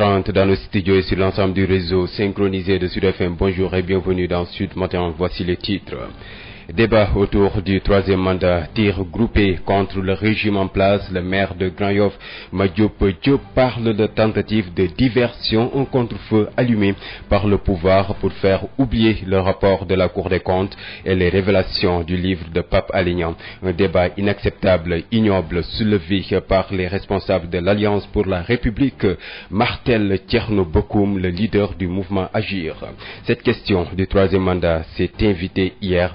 7h30 dans le studio et sur l'ensemble du réseau synchronisé de Sud FM. Bonjour et bienvenue dans Sud Matin. Voici les titres. Débat autour du troisième mandat, tir groupé contre le régime en place, le maire de Grand-Yoff, Madiop Diop, parle de tentative de diversion, un contre-feu allumé par le pouvoir pour faire oublier le rapport de la Cour des comptes et les révélations du livre de Pape Alé Niang. Un débat inacceptable, ignoble, soulevé par les responsables de l'Alliance pour la République, Martel Thierno Bokoum, le leader du mouvement Agir. Cette question du troisième mandat s'est invitée hier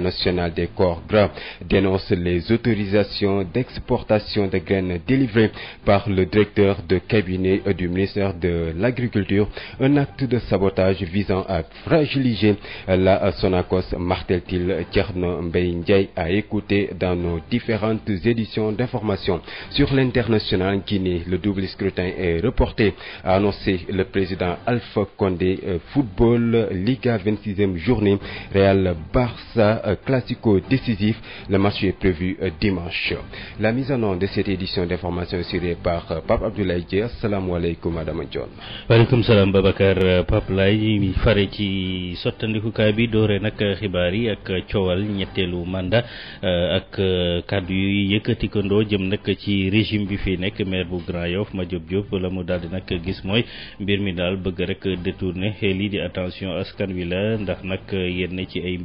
national des corps gras dénonce les autorisations d'exportation de graines délivrées par le directeur de cabinet du ministère de l'Agriculture, un acte de sabotage visant à fragiliser la Sonacos, martèle-t-il. Thierno Mbaye Ndiaye a écouté dans nos différentes éditions d'information sur l'international Guinée. Le double scrutin et reporté, a annoncé le président Alpha Condé. Euh, football Liga 26e journée, Real Barça Euh, classico décisif. Le match est prévu euh, dimanche. La mise en ordre de cette édition d'information est assurée par euh, Pape Abdoulaye Dieng salaamaaleykum Adama Dione. waaleykum salaam Babacar Pape Laye fare ci sottandikukaay bi doore nag xibaar yi ak coowal ñetteelu mandat ak kàddu yu yëkkatikandoo jëm nag ci régime bi fii nekk maire bu Grand Yoff Madiop Diop la mu daal di gis mooy mbir mi daal bëgg rek détourner lii di attention askan wi la ndax nag yenn ci ay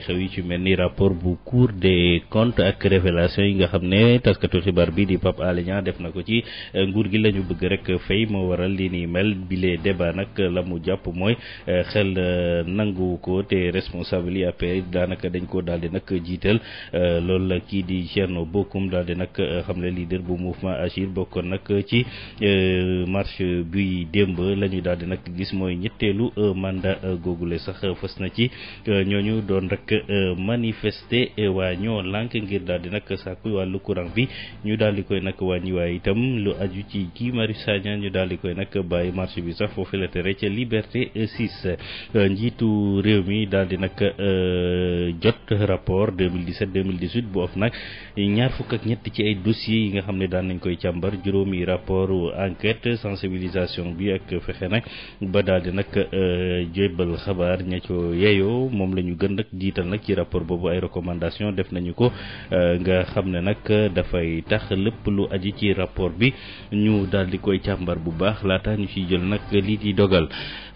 yeneen xew yi ci mel rapport bu cour des comptes ak révélation yi nga xam ne taskatu xibaar bi di Pape Alé Niang def na ko ci euh, nguur gi la ñu bëgg rek fay moo waral li ni mel bile débat nag la mu jàpp mooy euh, xel euh, nangu ko te responsable yi après daanaka dañ ko daal di nag jiital loolu la kii di Thierno Bocoum daal di nag xam le leader bu mouvement Agir bokkoon nag ci marche buy démb la ñu daal nag gis mooy ñetteelu mandat googule sax fës na ci ñooñu doon rek Euh, manifester waa ñoo lànk ngir daal di nag sàkku wàllu courant bi ñu daal di koy nag wàññi waaye itam lu aju ci Guy Marius Sagna ñu daal di koy nag bàyyi marché bi sax foofu la tere ca Liberté 6 euh, njiitu réew mi daal di nag euh, jot rapport 2017 2018 bu OFNAC ñaar fukk ak ñett ci ay dossiers yi nga xam ne daan nañ koy càmbar juróomi rapport enquête sensibilisation bi ak fexe nag ba daal di nag jébbal xabaar ña co yeeyoo moom la ñu gën nag jiital jiital nag ci rapport boobu ay recommandation def nañu ko euh, nga xam ne nag dafay tax lépp lu aji ci rapport bi ñu daal di koy càmbar bu baax laata ñu ci jël nag lii di dogal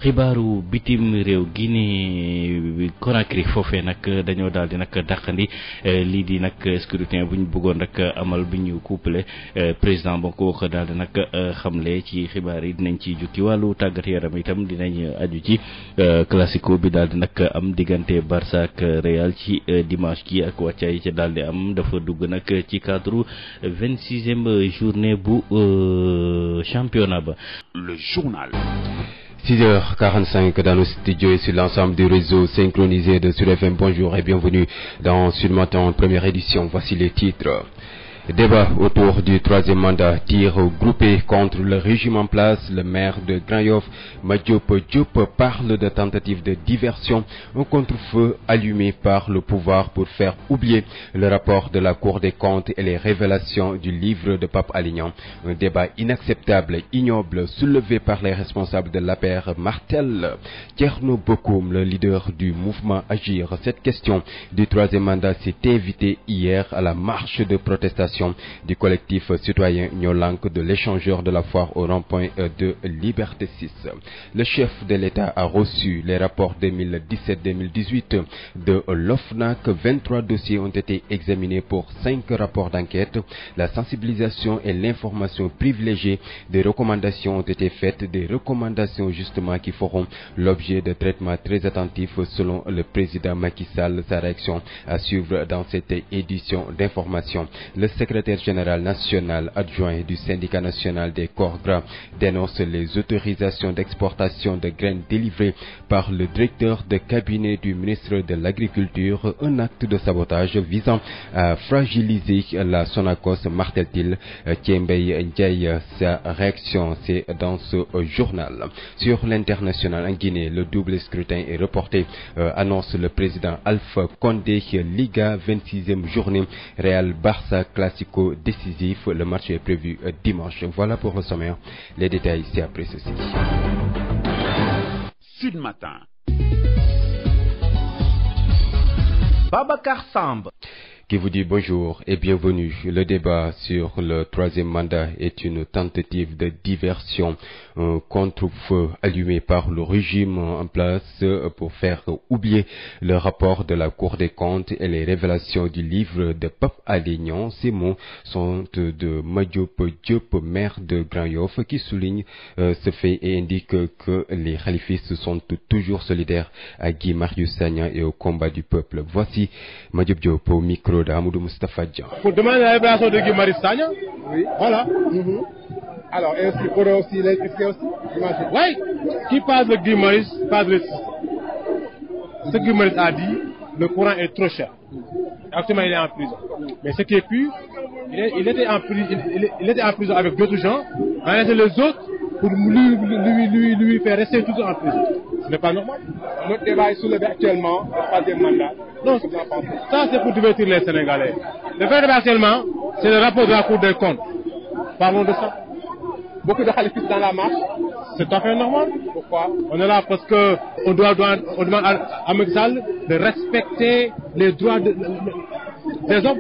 xibaaru bitim réew Guinée Conakry foofee nag dañoo daldi di nag dàqandi eh, lii di nag scrutin bu ñu bëggoon rek amal bu ñu couplé eh, président ba ko wax daal di nag eh, xamle ci xibaar yi dinañ ci jukki wàllu tàggat yaram itam dinañ aju ci classico bi daal di nag am diggante Barça ak Real ci dimanche ki ak wàccaa ca daal di am dafa dugg nag ci cadre vingt sixième journée bu championnat ba. Le journal. 6h45 dans nos studios et sur l'ensemble du réseau synchronisé de Sud FM. Bonjour et bienvenue dans Sud Matin, première édition. Voici Débat autour du troisième mandat, tir groupé contre le régime en place. Le maire de Grand-Yoff, Madiop Diop, parle de tentative de diversion, un contre-feu allumé par le pouvoir pour faire oublier le rapport de la Cour des comptes et les révélations du livre de Pape Alignan. Un débat inacceptable, ignoble, soulevé par les responsables de l'APR Martel. Thierno Bokoum, le leader du mouvement Agir, cette question du troisième mandat s'est évitée hier de protestation organisation du collectif citoyen ñoo la foire au rond euh, de Liberté 6. Le chef de l'État a les rapports 2017-2018 de l'OFNAC. 23 dossiers ont été examinés pour 5 rapports d'enquête. La sensibilisation et l'information privilégiée des recommandations ont été faites, des recommandations justement qui feront l'objet de traitements très attentifs selon le président Macky Sall, sa réaction à suivre dans cette édition d'information. secrétaire général national adjoint du syndicat national des corps gras, dénonce les autorisations d'exportation de graines délivrées par le directeur de cabinet du ministre de l'Agriculture, un acte de sabotage visant à fragiliser la Sonacos, martèle-t-il. Thiembey Ndiaye, sa réaction, c'est dans ce journal. Sur l'international en Guinée, le double scrutin est reporté, euh, annonce le président Alpha Condé, Liga 26e journée, Real Barça classe classico décisif. Le match est prévu euh, dimanche. Voilà pour le sommaire. Les détails, c'est après ceci. Sud Matin. qui vous dit bonjour Le débat sur le troisième mandat est une tentative de diversion, un contre-feu allumé par le régime en place pour faire oublier le rapport de la Cour des comptes et les révélations du livre de Pape Alignan. Ces mots sont de Madiop Diop, maire de Grand Yoff, qui souligne euh, ce fait et indique que les khalifistes sont toujours solidaires à Guy Marius Sagna et au combat du peuple. Voici micro de Amadou Moustapha Dia. pour la libération de Guy Marius Sagna. voilà. mm alors et aussi pour aussi qui parle de Guy Marius parle de ce Guy Marius a dit le courant est trop cher. Mhm. actuellement il est en prison. mais ce qui est pur il, était en prison avec d'autres gens. mais les autres pour lui, lui, lui, lui faire rester tout en prison. Ce n'est pas normal. Notre débat est soulevé actuellement, le troisième mandat. Non, c'est pour divertir les Sénégalais. Le vrai débat actuellement, c'est le rapport de la Cour des comptes. Parlons de ça. Beaucoup de khalifistes dans la marche. C'est tout à fait normal. Pourquoi On est là parce que on, demande à, à Mexal de respecter les droits de, des hommes.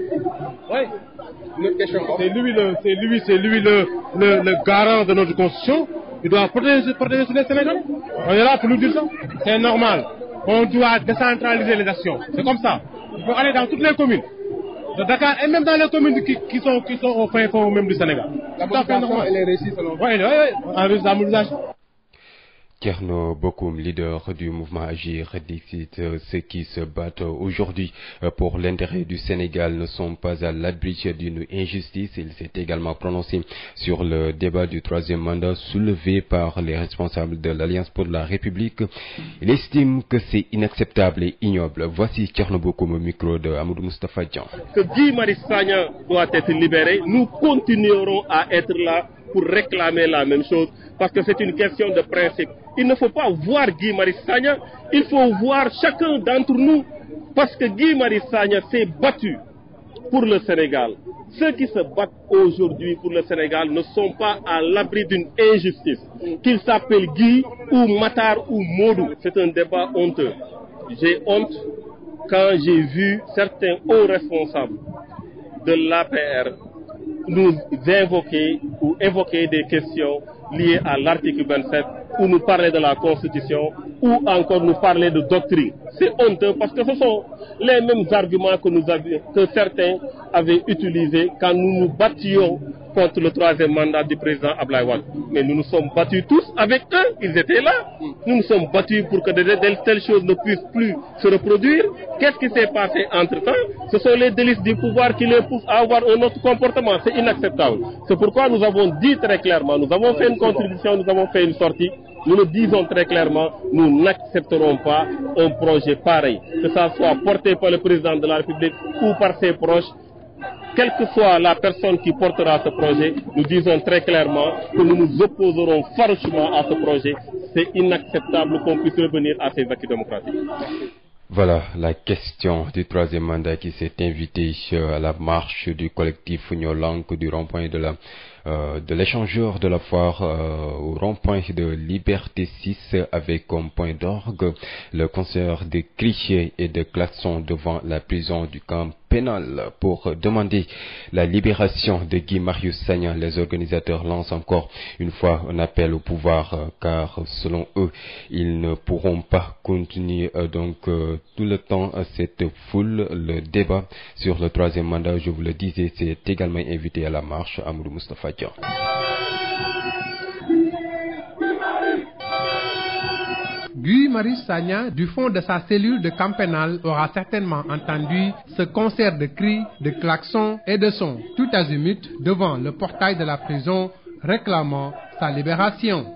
Une question. C'est lui, le, c'est lui, c'est garant de notre constitution. Il doit protéger, protéger tous les pour nous dire ça. C'est normal. On doit décentraliser les actions. C'est comme ça. Il faut aller dans toutes les communes de Dakar et même dans les communes qui, sont, au fin fond même du Sénégal. La mobilisation, elle est réussie selon vous Oui, oui, oui, en la mobilisation. Kerno Bokoum, leader du mouvement Agir, dicte euh, ceux qui se battent aujourd'hui euh, pour l'intérêt du Sénégal ne sont pas à l'abri d'une injustice. Il s'est également prononcé sur le débat du troisième mandat soulevé par les responsables de l'Alliance pour la République. Il estime que c'est inacceptable et ignoble. Voici Kerno Bokoum micro de Amadou Moustapha Dian. pour réclamer la même chose, parce que c'est une question de principe. Il ne faut pas voir Guy Marissagna, il faut voir chacun d'entre nous, parce que Guy Marissagna s'est battu pour le Sénégal. Ceux qui se battent aujourd'hui pour le Sénégal ne sont pas à l'abri d'une injustice, qu'ils s'appellent Guy ou Matar ou Modou. C'est un débat honteux. J'ai honte quand j'ai vu certains hauts responsables de l'APR nous invoquer ou évoquer des questions liées à l'article 27 ou nous de la Constitution ou encore nous parler de doctrine. C'est honteux parce que ce sont les mêmes arguments que, nous contre le troisième mandat du président Ablaï Wade. Mais nous nous sommes battus tous avec eux, ils étaient là. Nous nous sommes battus pour que de, de telles choses ne puissent plus se reproduire. Qu'est-ce qui s'est passé entre-temps Ce sont les délices du pouvoir qui les poussent à avoir un autre comportement. C'est inacceptable. C'est pourquoi nous avons dit très clairement, nous n'accepterons pas un projet pareil, que ça soit porté par le président de la quelle la personne qui portera ce projet, nous disons très clairement que nous nous opposerons farouchement à ce projet. C'est inacceptable qu'on puisse revenir à ces acquis démocratiques. la question du troisième mandat qui s'est invité à la marche du collectif Langue du rond-point de la euh, de l'échangeur de la foire euh, au rond-point de Liberté 6 avec comme point d'orgue le concert de clichés et de klaxons devant la prison du camp pénale pour demander la libération de Guy Marius Sagna. Les organisateurs lancent encore une fois un appel au pouvoir euh, car selon eux, ils ne pourront pas continuer euh, donc euh, tout le temps cette foule. Le débat sur le troisième mandat, je vous le disais, c'est également invité à la marche. Amadou Moustapha Diagne. Guy Marius Sagna, du fond de sa cellule de camp pénal, aura certainement entendu ce concert de cris, de klaxons et de sons, tout azimut devant le portail de la prison réclamant sa libération.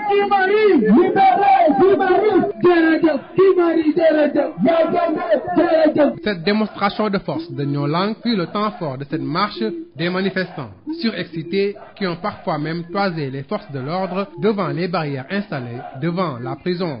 Kimari. libéré Kimari. jërëjëf Kimari jërëjëf. Cette démonstration de force de Noo Lank fut le temps fort de cette marche des manifestants surexcités qui ont parfois même toisé les forces de l'ordre devant les barrières installées devant la prison.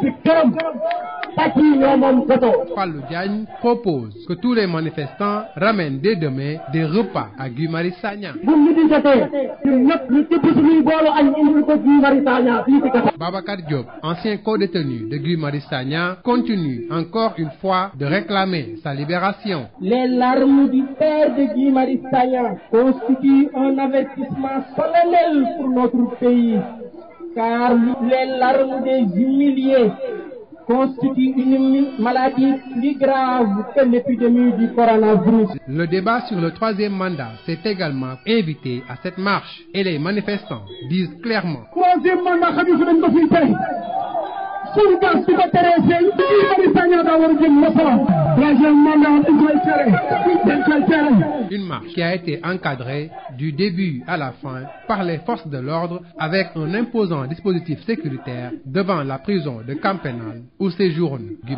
ci kanam Diagne propose que tous les manifestants ramènent dès demain des repas à Guy Marius Sagna bu ancien co de Guy Marius Sagna continue encore une fois de réclamer sa libération les larmes du père de Guy Marius Sagna constituent un avertissement solennel pour notre pays car les larmes des humiliés constitue une maladie plus grave que l'épidémie du coronavirus. Le débat sur le troisième mandat s'est également invité à cette marche et les manifestants disent clairement. troisième mandat xam nga fi suñu une marche qui a été encadrée du début à la fin par les forces de l'ordre avec un imposant dispositif sécuritaire devant la prison de Camp où séjourne Guy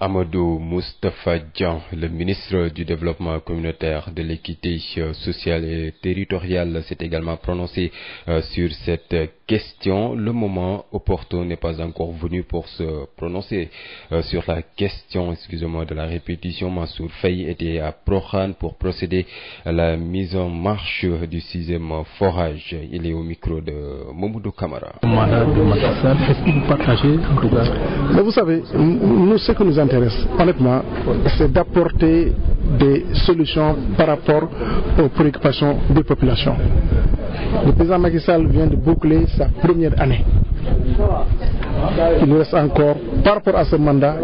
Amadou Moustapha Dian, le ministre du Développement communautaire, de l'équité sociale et territoriale, s'est également prononcé euh, sur cette question. Le moment opportun n'est pas encore venu pour se prononcer euh, sur la question, excusez de la répétition. Mansour Faye était à Prohan pour procéder à la mise en marche du sixième forage. Il est au micro de Momoudou Kamara. Mais Vous savez, nous, ce qui nous intéresse, honnêtement, c'est d'apporter des solutions par rapport aux préoccupations des populations. Le président Macky vient de boucler sa première année. Il nous reste encore, par rapport à ce mandat,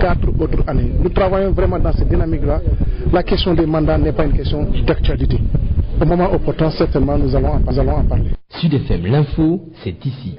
quatre autres années. Nous travaillons vraiment dans cette dynamique-là. La question des mandats n'est pas une question d'actualité. Au moment opportun, certainement, nous allons en parler. Sud FM, l'info, c'est ici.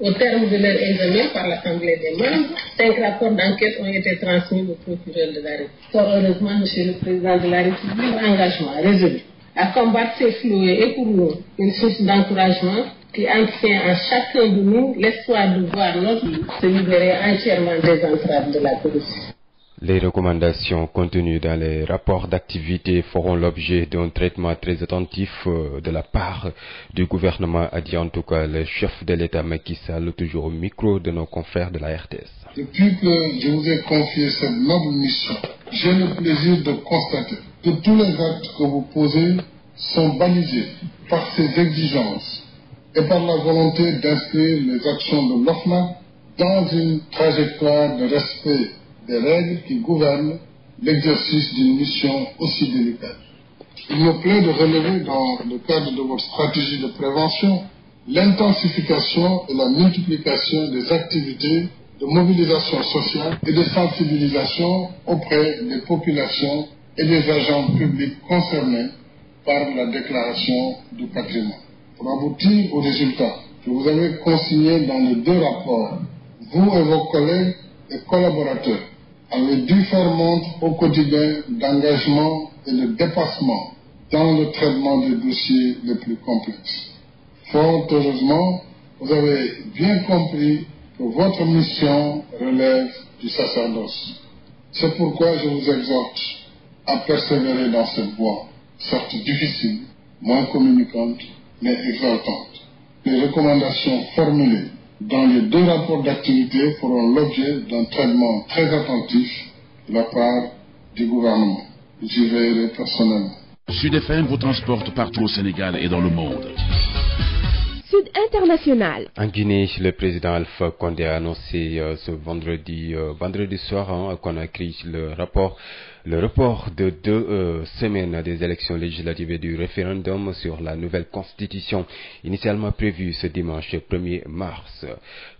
Au terme de leur examen par l'Assemblée des membres, cinq rapports d'enquête ont été transmis au procureur de la République. Fort heureusement, Monsieur le Président de la République, engagement résolu à combattre ces fléaux et pour nous une source d'encouragement qui entretient en chacun de nous l'espoir de voir notre vie se libérer entièrement des entraves de la corruption. Les recommandations contenues dans les rapports d'activité feront l'objet d'un traitement très attentif euh, de la part du gouvernement, a dit en tout cas le chef de l'État Macky Sall, toujours au micro de nos confrères de la RTS. Depuis que je vous ai confié cette noble mission, j'ai le plaisir de constater que tous les actes que vous posez sont balisés par ces exigences et par la volonté d'inscrire les actions de l'OFNA dans une trajectoire des règles qui gouvernent l'exercice d'une mission aussi délicate. Il me plaît de relever dans le cadre de votre stratégie de prévention l'intensification et la multiplication des activités de mobilisation sociale et de sensibilisation auprès des populations et des agents publics concernés par la déclaration du patrimoine. Pour aboutir au résultat que vous avez consigné dans les deux rapports, vous et vos collègues et collaborateurs avait dû faire montre au quotidien d'engagement et de dépassement dans le traitement des dossiers les plus complexes. Fort heureusement, vous avez bien compris que votre mission relève du sacerdoce. C'est pourquoi je vous exhorte à persévérer dans cette voie, certes difficile, moins communicante, mais exaltante. Les recommandations formulées dont les deux rapports d'activité feront l'objet d'un traitement très attentif de la part du gouvernement. J'y veillerai personnellement. Sud FM vous transporte partout au Sénégal et dans le monde. Sud International. En Guinée, le président Alpha Condé a annoncé euh, ce vendredi, euh, vendredi soir, hein, qu'on a écrit le rapport Le report de deux euh, semaines des élections législatives et du référendum sur la nouvelle constitution initialement prévue ce dimanche 1er mars.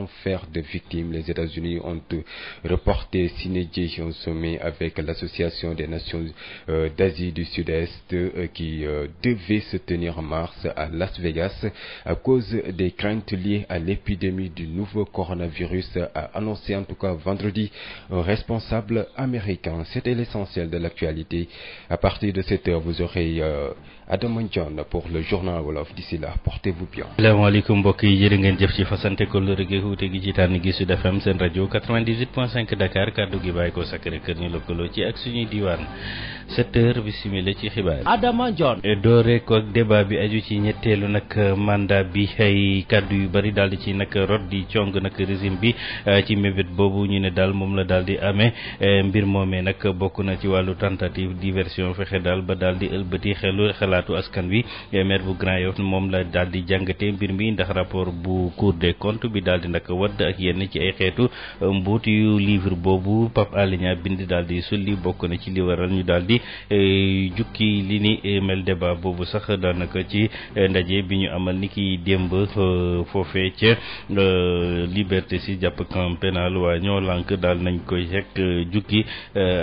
sans faire de victimes. Les États-Unis ont reporté Synergy, un sommet avec l'Association des Nations euh, d'Asie du Sud-Est euh, qui euh, devait se tenir en mars à Las Vegas à cause des craintes liées à l'épidémie du nouveau coronavirus, a annoncé en tout cas vendredi un responsable américain. C'était l'essentiel de l'actualité. À partir de cette heure, vous aurez euh, Adama Ndione pour le journal wolof d'ici là portez-vous bien. salaamaaleykum mbokk yi jërë ngeen jëf ci fasante kóllëre gi wuute gi ci tànn gi Sud FM seen rajo 98.5 Dakar gi bàyyi ko Sacré Cœur ñu lëkkaloo ci ak suñuy diwaan. sept heures bisimila ci xibaar Adama Ndione eh, doore ko ak débat bi aju ci ñetteelu nag eh, mandat bi ay kàddu yu bëri daal di ci nag rot di cong nag régime bi eh, ci mébét boobu ñu ne daal moom la daal di amee mbir moomee nag bokk na ci wàllu tentative diversion fexe daal ba daal di ëlbati xelu xalaatu askan wi maire bu Grand Yoff moom la daal di jàngate mbir mi ndax rapport bu Cour des comptes bi daal di nag wadd ak yenn ci ay xeetu mbuut yu livre boobu Pape Alé bind daal di bokk na ci li waral ci e, jukki li ni e, mel débat boobu sax daanaka ci e, ndaje bi ñu amal ni kiy démb foofe ca liberté si jàpp camp pénal waa ñoo lànk daal nañ koy rek jukki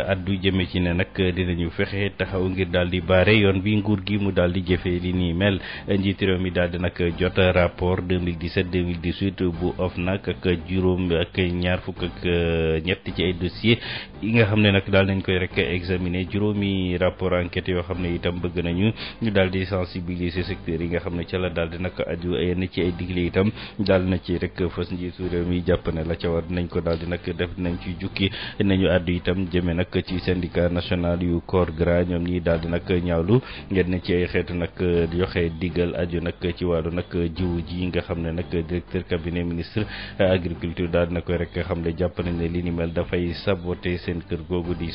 addu jëme ci ne nag dinañu fexe taxaw ngir daal di baare yoon bi nguur gi mu daal di jëfee li ni mel njiit réew mi daal di nag jot rapport 2017 2018 bu OFNAC ak juróom ak ñaar fukk ak ñett ci ay dossier yi nga xam ne nag daal nañ koy rek examiner juróomi juróomi rapport enquête yoo xam ne itam bëgg nañu ñu daal di sensibiliser secteur yi nga xam ne ca la daal di nag aju yenn ci ay digle itam daal na ci rek fas njiitu réew mi jàpp ne la ca war nañ ko daal di nag def nañ ci jukki nañu àddu itam jëmee nag ci syndicat national yu corps gras ñoom ñi daal di nag ñaawlu yenn ci ay xeetu nag joxe digal aju nag ci wàllu nag jiw ji nga xam ne nag directeur cabinet ministre agriculture daal na koy rek xam ne jàpp nañ ne li ni mel dafay saboter seen kër googu di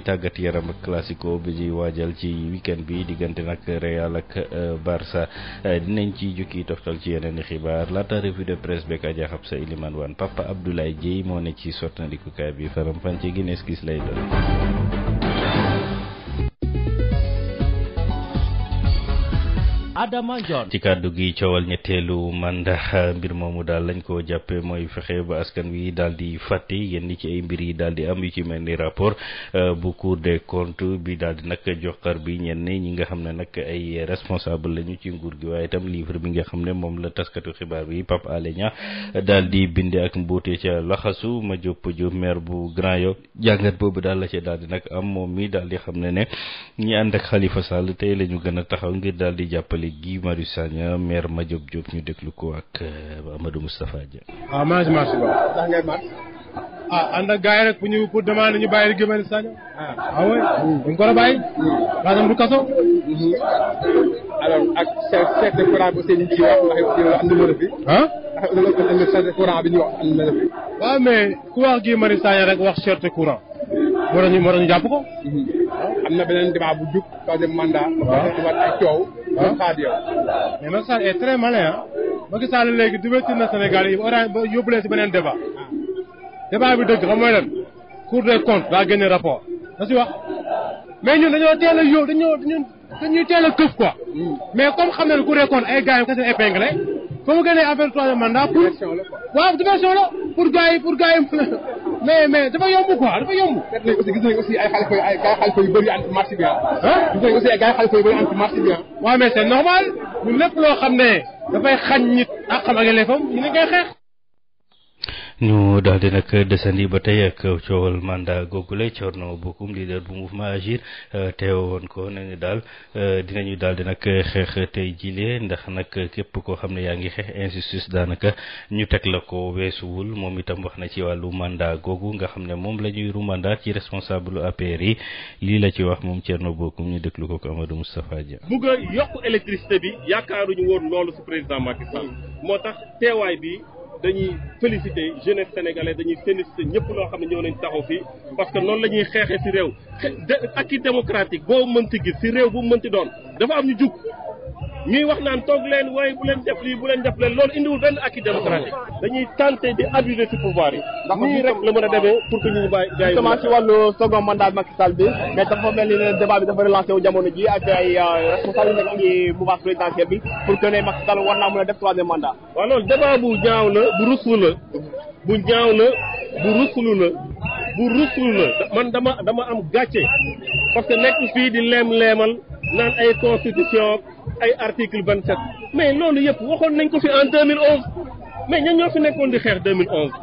ci tàggat yaram ak classico bi ñuy waajal ci weekend bi diggante nag Real ak euh, Barça euh, dinañ ci jukki toftal ci yeneen xibaar laata revue de presse beeg Adja Xabsa Iliman Wan Papa Abdoulaye Dieye moo ne ci sottandikukaay bi faram-fàccee Guinness gis lay doon. Adama Ndione ci kàddu gi coowal ñetteelu mandat mbir moomu daal lañ ko jàppee mooy fexe ba askan wi daal di fàtte yenn ci ay mbir yi daal di am yu ci mel ni rapport euh, bu Cour de comptes bi daal di nag joxar bi ñenn ñi nga xam ne nag ay responsable lañu ci nguur gi waaye itam livre bi nga xam ne moom la taskatu xibaar bi Pape Alé Niang daal di binde ak mbuute ca laxasu ma jópp jóp maire bu Grand Yoff jàngat boobu daal la ci daal di nag am moom mi daal di xam ne ne ñi ànd la gën a taxaw ngir daal di jàppale Guy Marius Sagna maire Madiop Diop ñu déglu ko ak euh, Amadou Moustapha Dia. waaw ah, maa ngi ndax ngay marché. ah ànd ak gars rek bu ñu pour demande ñu bàyyi Guy Marius Sagna. ah, ah a bàyyi. maanaam hmm. du kaso. de ah. ñu wax numéro bi. waaw mais ku wax Guy Marius Sagna rek wax chef courant. moo ñu moo ñu jàpp ko. Hmm. am na beneen débat bu jub troisième mandat. waaw ba pare ay coow. waaw Macky Sall yow. mais Macky Sall est très malin ah. Macky Sall léegi divertir na Sénégal yi orange si beneen débat. Ah. débat bi dëgg xam mooy lan. Cour des comptes daa génne rapport. da si wax mais ñun dañoo teel a yóbbu dañoo dañoo dañuy teel a këf quoi. Hmm. mais comme xam nañu Cour des comptes ay gars yu ko seen ba mu génnee affaire troisième mandat pour waaw diversion la pour gars yi pour gars yi mais mais dafa yomb quoi dafa yomb. aussi gis nañ aussi ay xalifa ay gars xalifa yu bëri anti ah. ah. loo xam ne dafay xañ nit ak xam ak yelleefam ñu ngi koy xeex. ñu daal di nag desandi ba tey ak coowal mandat googule Thierno Bocoum leader bu mouvement Agir teewoon ko ne daal dinañu daal di nag xeex tey jile ndax nag képp koo xam ne yaa ngi xeex injustice daanaka ñu teg la ko weesuwul moom itam wax na ci wàllu mandat googu nga xam ne moom la ñuy rumandaat ci responsable APR yi lii la ci wax moom Thierno Bocoum ñu déglu ko ko Amadou Moustapha Dia. bugg a yokk électricité bi yaakaaruñu woon loolu si président Macky dañuy féliciter jeunesse sénégalaise dañuy féliciter ñëpp loo xam ne ñëw nañ taxaw fii parce que noonu la ñuy xeexee ci réew. acquis démocratique boo mënti gis ci réew bu mënti doon dafa am ñu jug ñuy wax naan toog leen waaye bu leen def lii bu leen def leen loolu indiwul benn acquis démocratique dañuy tenté di abuser ci pouvoir yi. nii rek la mën a demee pour que ñu bàyyi gars yi. justement ci wàllu second mandat Macky bi mais dafa mel ni ne débat bi dafa relancé jamono ji ak ay euh, responsable nekk ci mouvement présidentiel bi pour que ne Macky Sall war naa mën a def troisième mandat. waaw loolu débat bu ñaaw la bu ruslu la bu ñaaw la bu ruslu la bu ruslu la man dama dama am gàcce parce que nekk fii di leem leemal naan ay constitution. ay article vingt sept mais loolu yëpp waxoon nañ ko fi en deux mille onze mais ñan ñoo fi nekkoon di xeex deux mille onze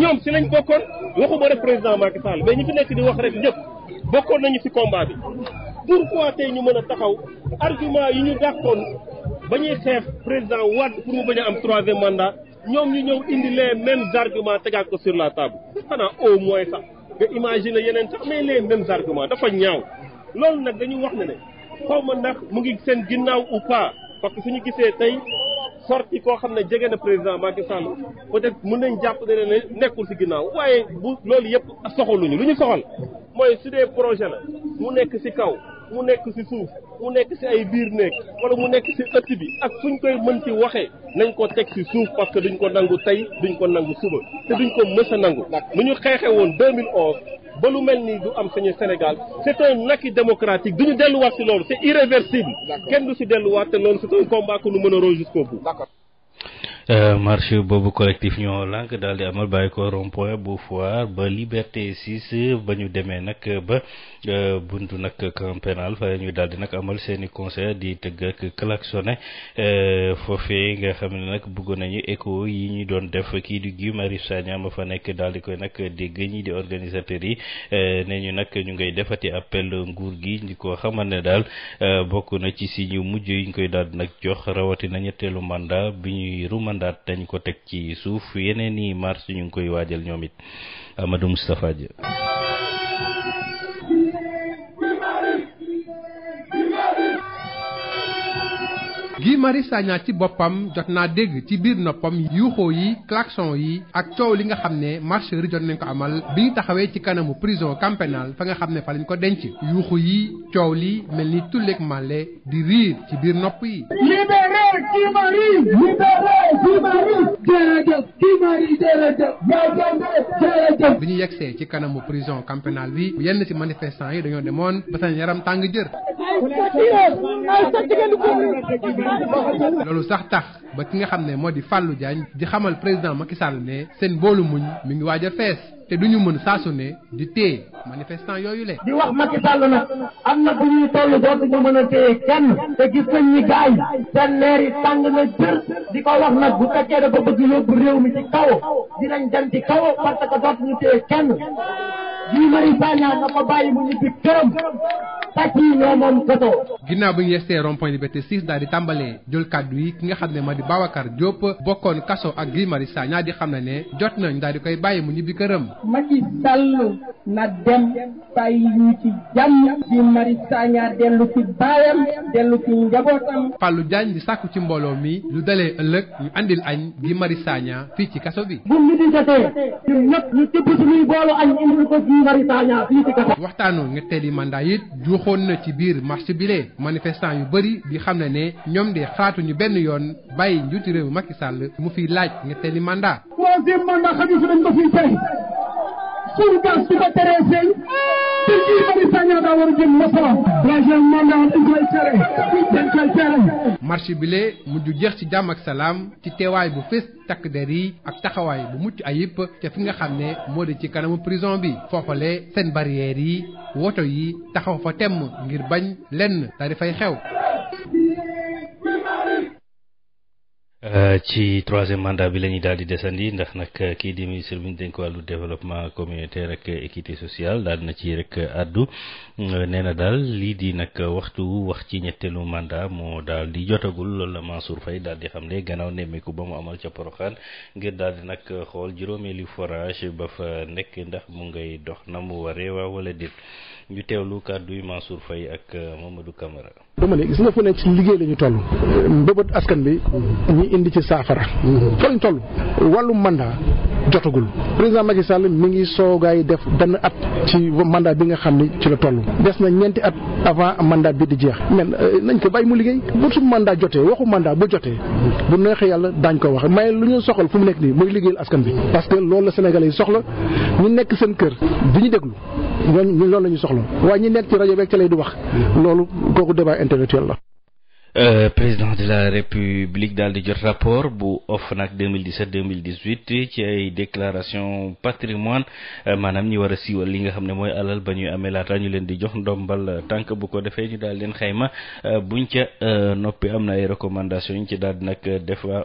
ñoom si lañ bokkoon waxu rek président Macky Sall mais ñu fi nekk di wax rek ñëpp bokkoon nañu si combat bi pourquoi tey ñu mën a taxaw argument yi ñu dàqoon ba ñuy xeex président Wade pour mu bañ a am troisième mandat ñoom ñu ñëw indi les mêmes arguments tegaat ko sur la table xanaa au moins sax nga imaginer yeneen sax mais les mêmes arguments dafa ñaaw loolu nag dañu wax ne ne xaw ma ndax mu ngi seen ginnaaw ou pas parce que ñu gisee tey sorti koo xam ne jege na président Macky Sall peut-être mën nañ jàpp ne ne nekkul si ginnaaw waaye bu loolu yëpp soxaluñu lu ñu soxal mooy su dee projet la mu nekk si kaw mu nekk si suuf mu nekk si ay biir néeg wala mu nekk si ëtt bi ak fuñ koy mën ci waxee nañ ko teg ci suuf parce que duñ ko nangu tey duñ ko nangu suba te duñ ko mës a nangu nu ñu xeexee woon 2011 ba lu mel nii lu am sañu Sénégal c'est un acquis démocratique du ñu delluwaat si loolu c'est irréversible kenn du si delluwaat te loolu c'est un combat que nous mènerons jusqu'au bout Euh, marche boobu collectif ñoo lànk daal di amal bàyyi ko rond point bu Foire ba Liberté 6 ba ñu demee nag ba euh, buntu nag camp pénal fa ñu daal di nag amal seen i concert di tëgg ak klaxonné euh, foofee nga xam ne nag bëggoon nañu écho yi ñu doon def kii di Guy Marius Sagna fa nekk daal di koy nag dégg ñi di organisateurs yi nee ñu nag ñu ngay defati appel nguur gi di ko xamal ne daal bokk na ci si ñu mujj yi ñu koy daldi nag jox rawatina ñetteelu mandat bi mandat dañ ko teg ci suuf yeneen i marche ñu ngi koy waajal ñoomit it Amadou Moustapha Guy Marius Sagna ci boppam jot naa dégg ci biir noppam yuuxoo yi klaxon yi ak coow li nga xam ne marcheurs yi jot nañ ko amal bi ñu taxawee ci kanamu prison camp pénal fa nga xam ne fa lañ ko denc yuuxu yi coow li mel ni tulleeg màlle di riir ci biir nopp yi. libéré Guy Marius libéré bi ñu yegsee ci kanamu prison camp bi bi yenn ci manifestants yi dañoo demoon ba seen yaram tàng jër. loolu sax tax ba ki nga xam ne moo di Fallou Diagne di xamal président Macky Sall ne seen boolu muñ mu ngi waaj a fees te du ñu mën saasu ne di téye manifestant yooyu le di wax Macky Sall nag am na bu ñuy toll dootuñu mën a téye kenn te gis nañ ni gaay seen leer yi tàng na jër di ko wax nag bu fekkee dafa bëgg yóbbu réew mi ci kaw dinañ dem ci kaw parce que dootuñu téye kenn lii Marie Sagna na ko bàyyi ginnaaw bi ñu yestee rond-point Liberté 6 daal di tàmbalee jël kàddu yi ki nga xam ne ma di Babacar Diop bokkoon kaso ak Guy Marie Sagna di xam na ne jot nañ daal di koy bàyyi mu ñibbi këram. Macky Sall na dem bàyyi ñu ci jàmm Guy Marie Sagna dellu ci baayam dellu ci njabootam. Fallou Diagne di sàkku ci mbooloo mi lu dalee ëllëg ñu andil añ Guy Marie Sagna fii ci kaso bi. Mary Teuw Niane fii ci Qatar. waxtaanu ñetteeli na ci biir marche bile manifestant yu bëri di xam ne ne ñoom de xalaatuñu benn yoon bàyyi njiitu réew Macky Sall mu fiy laaj ñetteeli mandat. troisième mandat xaju fi dañ ko fiy tere. suuf bile su mujj jeex ci jàmm ak salaam ci teewaay bu fés takk der yi ak taxawaay bu mucc ayib ci fi nga xam ne moo di ci kanamu prison bi foofale seen barrières yi woto yi taxaw fa temm ngir bañ lenn daal xew Euh, ci troisième mandat bi la ñuy daal di desandi ndax nag euh, kii di ministre bi ñu dénk wàllu développement communautaire rek équité sociale daal na ci rek àddu euh, nee na daal lii di nag waxtu wax ci ñetteelu mandat moo daal di jotagul loolu la Mansour Faye daal di xam ne gannaaw nemmeeku ba mu amal ca Porokhane ngir daal di nag xool juróomeelu forage ba fa nekk ndax mu ngay dox na mu waree waa wala déet. ñu teewlu kàddu yi Mansour Faye ak euh, Mamadou Camara. dama ne gis nga fu ne ci liggéey la ñu toll mbëbët askan bi ñu indi ci saafara fa lañ toll wàllu mandat jotagul président Macky Sall mi ngi soogaay def benn at ci mandat bi nga xam ni ci la toll des na ñeenti at avant mandat bi di jeex mais euh, nañ ko bàyyi mu liggéey bu su mandat jotee waxu mandat bu jotee bu neexee yàlla daañ ko wax mais lu ñu soxal fu mu nekk nii mooy liggéeyal askan bi parce que loolu la Sénégalais yi soxla ñu nekk seen kër di ñu déglu ñooñu loolu la ñu soxla waaye ñi nekk ci rajo beeg ca lay di wax loolu kooku demaa intellectuel la Euh, président de la république daal di jot rapport bu OFNAC 2017 2018 ci ay déclaration patrimoine euh, maanaam ñi war a siiwal li nga xam ne mooy alal ba ñuy amee laata ñu leen di jox ndombal euh, tànk bu ko defee ñu daal leen xayma buñ ca noppi am na ay recommandations ñu ci daal di nag def waa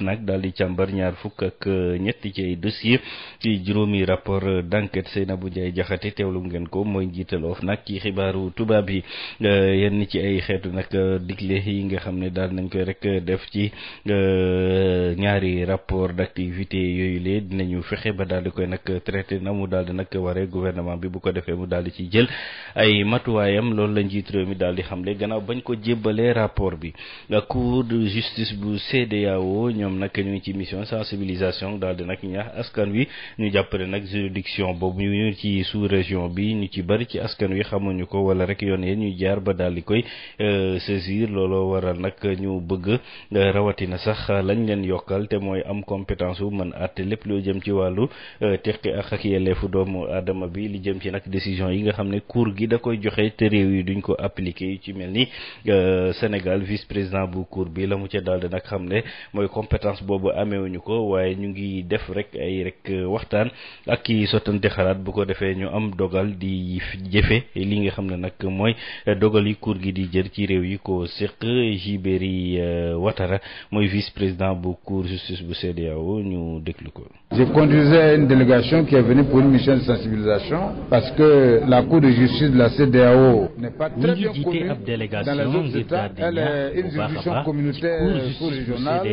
nag daal di càmbar ñaar fukk ak ñett ci ay dossier ci juróomi rapport bu Seynabou Ndiaye Diakhaté teewlu ngeen ko mooy njiital nag ci xibaaru tubaab yi yenn ci ay xeetu nag digle. yi nga xam ne daal nañ koy rek def ci euh, ñaari rapport d'activité yooyu lee dinañu fexe ba daal di koy nag traité na mu daal di nag waree gouvernement bi bu ko defee mu daal di ci jël ay matuwaayam loolu la njiit mi daal di xamle gannaaw bañ ko jébbalee rapport bi cour de justice bu CEDEAO ñoom nag ñu ngi ci mission sensibilisation daal di nag ñaax askan wi ñu jàppale nag juridiction boobu ñu ci sous région bi ñu ci bari ci askan wi xamuñu ko wala rek yoon yeen ñuy jaar ba daal di koy euh, looloo waral nag ñu bëgg eh, rawatina sax lañ leen yokkal te mooy am compétence wu mën àtte lépp lu jëm ci wàllu eh, teqi ak ak yelleefu doomu aadama bi li jëm ci nag décision yi nga xam ne cour gi da koy joxe te réew yi duñ ko appliqué yu ci mel ni eh, Sénégal vice président bu cour bi la mu ca daal nag xam ne mooy compétence boobu ameewuñu ko waaye ñu ngi def rek ay rek waxtaan ak ki sottante xalaat bu ko defee ñu am dogal di jëfe li nga xam ne nag mooy dogal Jibéry euh, Ouattara mooy vice président bu cour justice bu CEDEAO ñu déglu ko. Je conduisais une délégation qui est venue pour une mission de sensibilisation parce que la cour de justice de la CEDEAO n'est pas très bien connue dans les autres États. Elle est une institution communautaire sous-régionale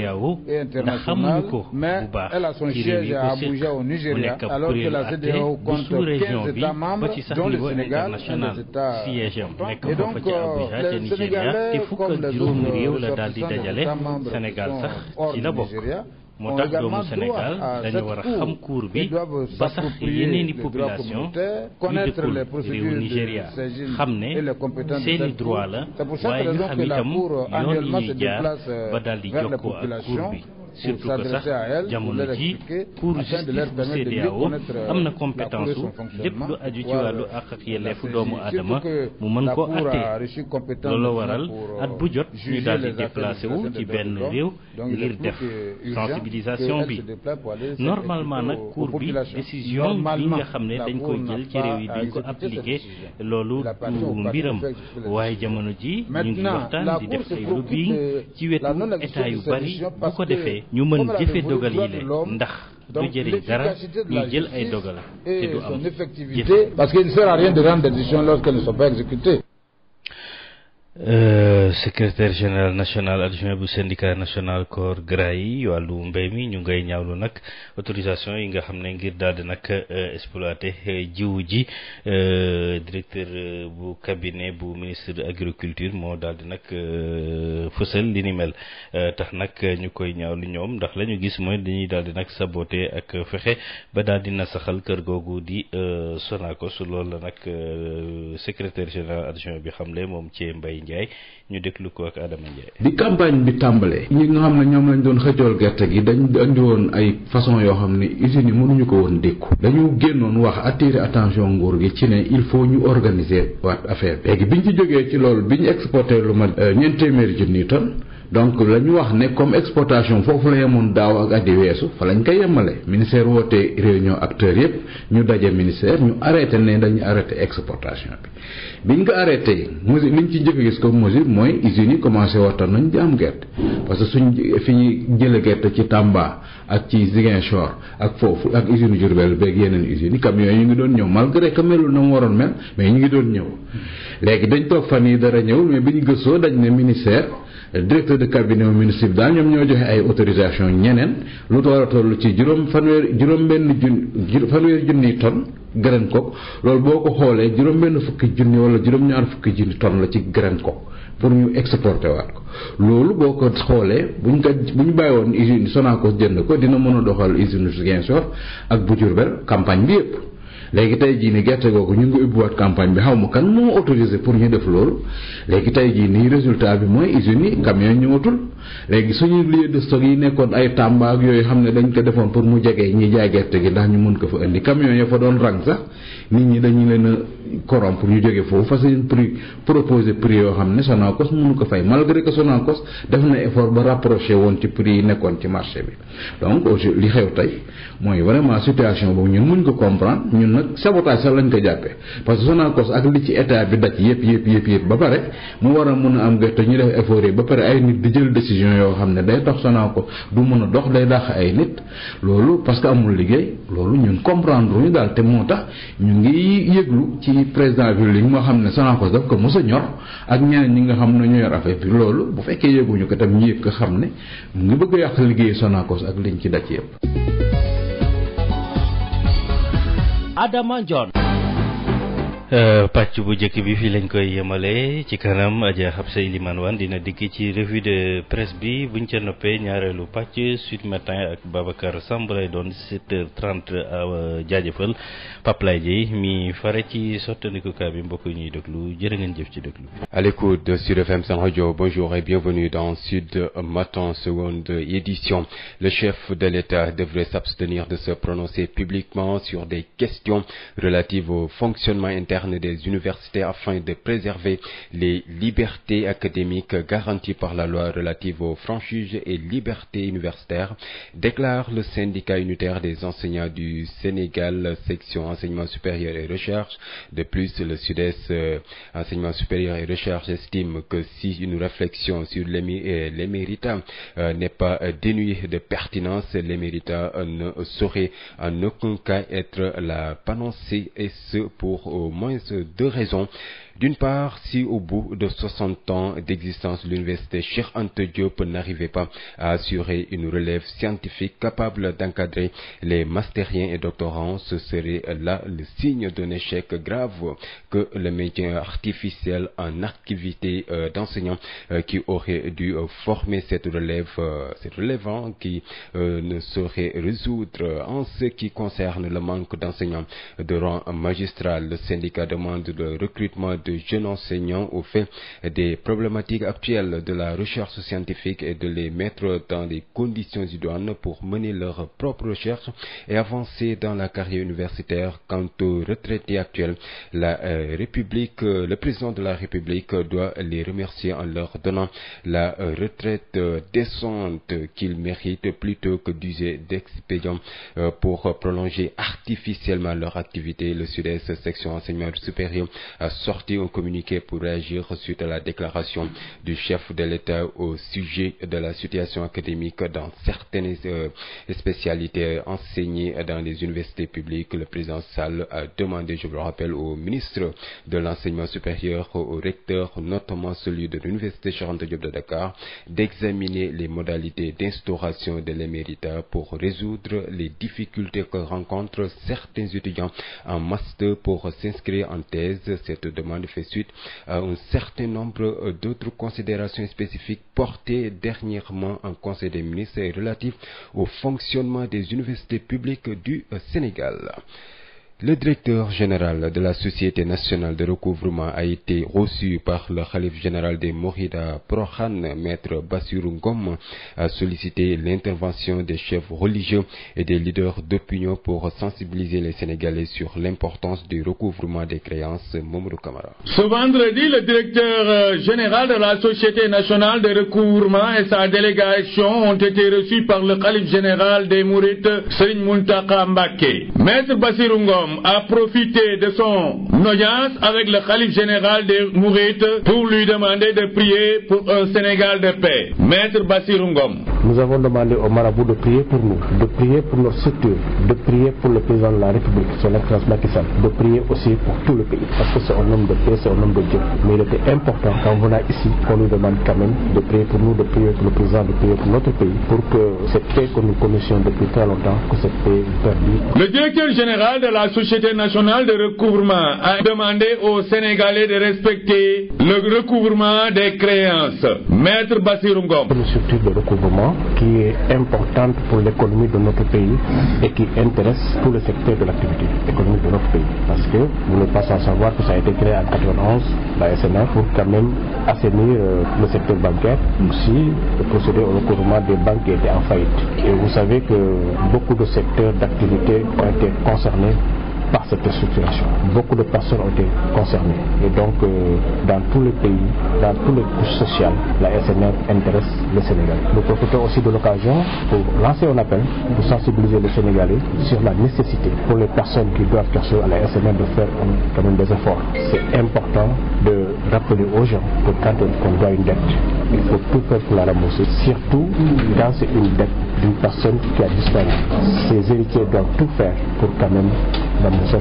et internationale mais elle a son siège à Abuja au Nigeria alors que la CEDEAO compte 15 États membres dont le Sénégal et les États. Et donc euh, les Sénégalais ak juróomi réew la daal di dajale Sénégal sax ci la bokk moo tax doomu Sénégal dañu war a xam cours bi ba sax yeneen i population yu dëkkul réewu Nigéria xam ne seeni droit la waaye ñu xam itam yoon yi ñuy jaar ba daal jokkoo ak cours bi surtout que sax jamono ji cour justice bu CEDEAO euh, am na compétence lépp lu aju ci wàllu àq ak yelleefu doomu aadama mu mën koo àttee la waral euh, at bu jot ñu daal di déplacé wu ci benn réew ngir def sensibilisation bi normalement nag cour bi décision bi nga xam ne dañ koy jël ci réew yi duñ ko appliqué loolu du mbiram waaye jamono ji ñu ngi waxtaan di def ay lobbying ci wetu état yu bari bu ko defee ñu mën jëfe dogal yi le ndax du jëriñ dara ñuy jël ay dogal te du am jëf parce qu'il ne sert à rien de rendre des décisions lorsqu'elles ne sont pas exécutées Euh, secrétaire général national adjoint bu syndicat national corps gras yi wàllu mbéy mi ñu ngay ñaawlu nag autorisation yi nga xam ne ngir daal di nag euh, exploité euh, jiwu ji directeur bu cabinet bu ministre de agriculture moo daal di nag fësal li ni mel tax nag ñu koy ñaawlu ñoom ndax la ñu gis mooy dañuy daal di nag saboté ak fexe ba daal di nasaxal kër googu di Sonacos loolu la nag secrétaire général adjoint bi xamle moom ci mbay Ndiaye ñu déglu bi campagne bi tàmbalee. ñi nga xam ne ñoom lañ doon xëjool gerte gi dañ andi woon ay façon yoo xam ne usines mënuñu ko woon dékku. dañu génnoon wax attirer attention nguur gi ci ne il faut ñu organiser waat affaire bi. léegi biñ ci jógee ci loolu biñ exporté lu mat euh, ñeent téeméeri junniy tonnes donc la ñu wax ne comme exportation foofu la yemoon daaw ak ati weesu fa lañ koy yemale ministère woote réunion acteur yëpp ñu daje ministère ñu arrêté ne dañu arrêté exportation bi biñ ko arrêté mesure liñ ci njëkk gis comme mesure mooy usines yi commencé nañu nañ jaam gerte parce que suñ fi ñuy jëlee gerte ci Tamba. ak ci Ziguinchor ak foofu ak usine Diourbel beeg yeneen usines yi camions yi ñu ngi doon ñëw malgré que melul na mu waroon mel mais ñu ngi doon ñëw léegi dañ toog fan yi dara ñëw mais bi ñu gëstoo dañ ne ministère directeur de cabinet ministre bi daa ñoom ñoo joxe ay autorisation ñeneen lu war a toll ci juróom fanweer juróom benn jun fanweer junniy tonne graine coco loolu boo ko xoolee juróom benn fukki junni wala juróom ñaar fukki junni tonne la ci graine coco pour ñu exporter waat ko loolu boo ko xoolee buñ ko bu ñu bàyyi woon usine Sonacos jënd ko dina mën a doxal usine Ziguinchor ak bu Diourbel campagne bi léegi tey jii nii gerte googu ñu ngi ubbiwaat campagne bi xaw ma kan moo autorisé pour ñu def loolu léegi tey jii nii résultat bi mooy usines yi camion ñëwatul léegi suñu lieu de yi nekkoon ay Tamba yooyu xam ne dañ ko defoon pour mu jege ñi jaay gerte gi ndax ñu mun ko fa indi camion ya fa doon rang nit ñi dañu leen corrompre ñu jógee foofu fas yéene prix proposé prix yoo xam ne Sonacos mënu ko fay malgré que Sonacos def na effort ba rapproché woon ci prix yi nekkoon ci marché bi donc li xew tey mooy vraiment situation boobu ñun muñ ko comprendre ñun nag sabotage sax lañ ko jàppee parce que Sonacos ak li ci état bi daj yëpp yëpp yëpp yëpp ba pare mu a mën a am gerte ñu def effort ba pare ay nit di jël décision xam ne day tax Sonacos du mën a dox day dàq ay nit loolu parce que amul liggéey loolu ñun comprendre ñu daal te moo tax ñu ngi yëglu ci muy président li moo xam ne Sonacos daf ko mos a ñor ak ñeneen ñi nga xam ne ñoo yor affaire bi loolu bu fekkee yëguñu ko tam ñu yëg ko xam ne mu ngi bëgg a yàq liggéey Sonacos ak liñ ci daj yëpp. Adama Ndione. Euh, pàcc bu njëkk bi fii lañ koy yemale ci kanam Adja Habsa Elimane Wane dina digg ci revue de presse bi buñ ca noppee ñaareelu pàcc Sud Matin ak Babacar Samb lay doon 7h30 euh, jaajëfal Pape Laye Dieye mi fare ci sottandikukaay bi mbokk yi ñuy déglu jërë ngeen jëf ci déglu bi. À l'écoute de Sud FM Sen Radio bonjour et bienvenue dans Sud Matin seconde édition le chef de l'État devrait s'abstenir de se prononcer publiquement sur des questions relatives au fonctionnement interne des universités afin de préserver les libertés académiques garanties par la loi relative aux franchises et libertés universitaires, déclare le syndicat unitaire des enseignants du Sénégal, section enseignement supérieur et recherche. De plus, le Sud-Est euh, enseignement supérieur et recherche estime que si une réflexion sur euh, l'éméritat euh, n'est pas dénuée de pertinence, l'éméritat ne saurait en aucun cas être la panacée et ce pour moins euh, deux raisons. D'une part, si au bout de 60 ans d'existence, l'université Cheikh Ante Diop n'arrivait pas à assurer une relève scientifique capable d'encadrer les mastériens et doctorants, ce serait là le signe d'un échec grave que le maintien artificiel en activité euh, d'enseignants euh, qui aurait dû euh, former cette relève, euh, cette relève hein, qui euh, ne saurait résoudre. Euh, en ce qui concerne le manque d'enseignants de rang magistral, le syndicat demande le recrutement de jeunes enseignants au fait des problématiques actuelles de la recherche scientifique et de les mettre dans les conditions idoines pour mener leur propre recherche et avancer dans la carrière universitaire. Quant aux retraités actuels, euh, euh, le président de la République doit les remercier en leur donnant la euh, retraite euh, décente qu'ils méritent plutôt que d'user d'expédients pour prolonger artificiellement leur activité. Le Sud-Est, section enseignement supérieur, sorti un communiqué pour réagir suite de l'État au sujet de la situation académique dans certaines euh, spécialités enseignées dans les universités publiques. Le président Sall a de l'enseignement supérieur, au recteur, notamment celui de de les modalités d'instauration les difficultés que rencontrent certains étudiants demande fait suite à un certain nombre euh, d'autres considérations spécifiques portées dernièrement en Conseil des ministres et relatives au fonctionnement des universités publiques du euh, Sénégal. Le directeur général de la Société nationale de recouvrement a été reçu par le calife général des Mourides Prohan, maître Bassirou a sollicité l'intervention des chefs religieux et des leaders d'opinion pour sensibiliser les Sénégalais sur l'importance du recouvrement des créances Mamadou Camara. Ce vendredi, le directeur euh, général de la Société nationale de recouvrement et sa délégation ont été reçus par le calife général des Mourides Serigne Mountakha Diom a profité de son audience avec le calife général des Mourites pour lui demander de prier pour un Sénégal de paix. Maître Bassirou Nous avons demandé au marabout de prier pour nous, de prier pour nos structures, de prier pour le président de la République, son excellence Macky de prier aussi pour tout le pays, parce que c'est un homme de paix, c'est un homme de Dieu. Mais il était important quand on est ici qu'on nous demande quand même de prier pour nous, de Société nationale de recouvrement a demandé aux Sénégalais de respecter le recouvrement des créances. Maître Bassirou Ngom. Une structure de recouvrement qui est importante pour l'économie de notre pays et qui intéresse tout le secteur de l'activité économique de notre pays. Parce que vous ne pas sans savoir que ça a été créé en 91, la SNA, pour quand même assainir euh, le secteur bancaire, aussi procéder au recouvrement des banques qui étaient en faillite. par cette structuration. Beaucoup de personnes ont été concernées. Et donc, euh, dans tous les pays, dans tous les couches sociales, la SNF intéresse le Sénégal. Nous profitons aussi de l'occasion pour lancer un appel, pour sensibiliser les Sénégalais sur la nécessité pour les personnes qui doivent chercher à la SNF de faire quand même des C'est important de rappeler aux gens que quand on doit une dette, il faut tout faire la rembourser, surtout quand c'est d'une personne qui a disparu. Ses héritiers doivent tout faire pour quand même l'amorcer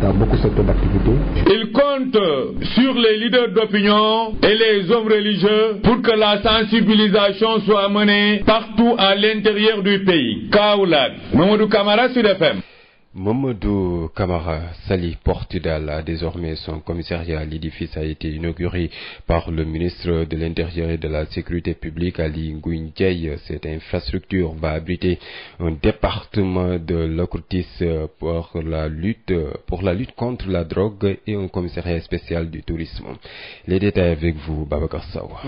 dans beaucoup d'activité. Il compte sur les leaders d'opinion et les hommes religieux pour que la sensibilisation soit menée partout à l'intérieur du pays. Kaoulak, Mamadou Kamara, Sud FM. Mamadou Camara Sali Portudal a désormais son commissariat. L'édifice a été inauguré par le ministre de l'Intérieur et de la Sécurité publique, Ali Ndiaye. Cette infrastructure va abriter un département de l'OCRTIS pour la lutte, contre la drogue et un commissariat spécial du tourisme. Les détails avec vous, Babacar Sawa.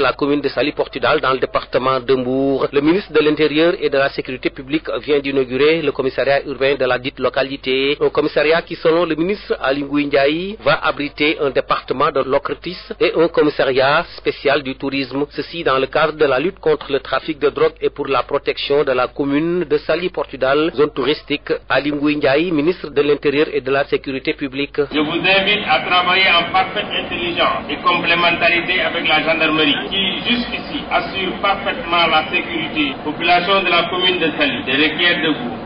la commune de Sali Portudal dans le département de Mbour. Le inauguré le commissariat urbain de la dite localité, un commissariat qui selon le ministre Aly va abriter un département de l'OCRTIS et un commissariat spécial du tourisme, ceci dans le cadre de la lutte contre le trafic de drogue et pour la protection de la commune de Saly Portudal, zone ministre de l'Intérieur et de la Sécurité publique. Je vous invite à travailler en parfaite intelligence et complémentarité avec la gendarmerie qui jusqu'ici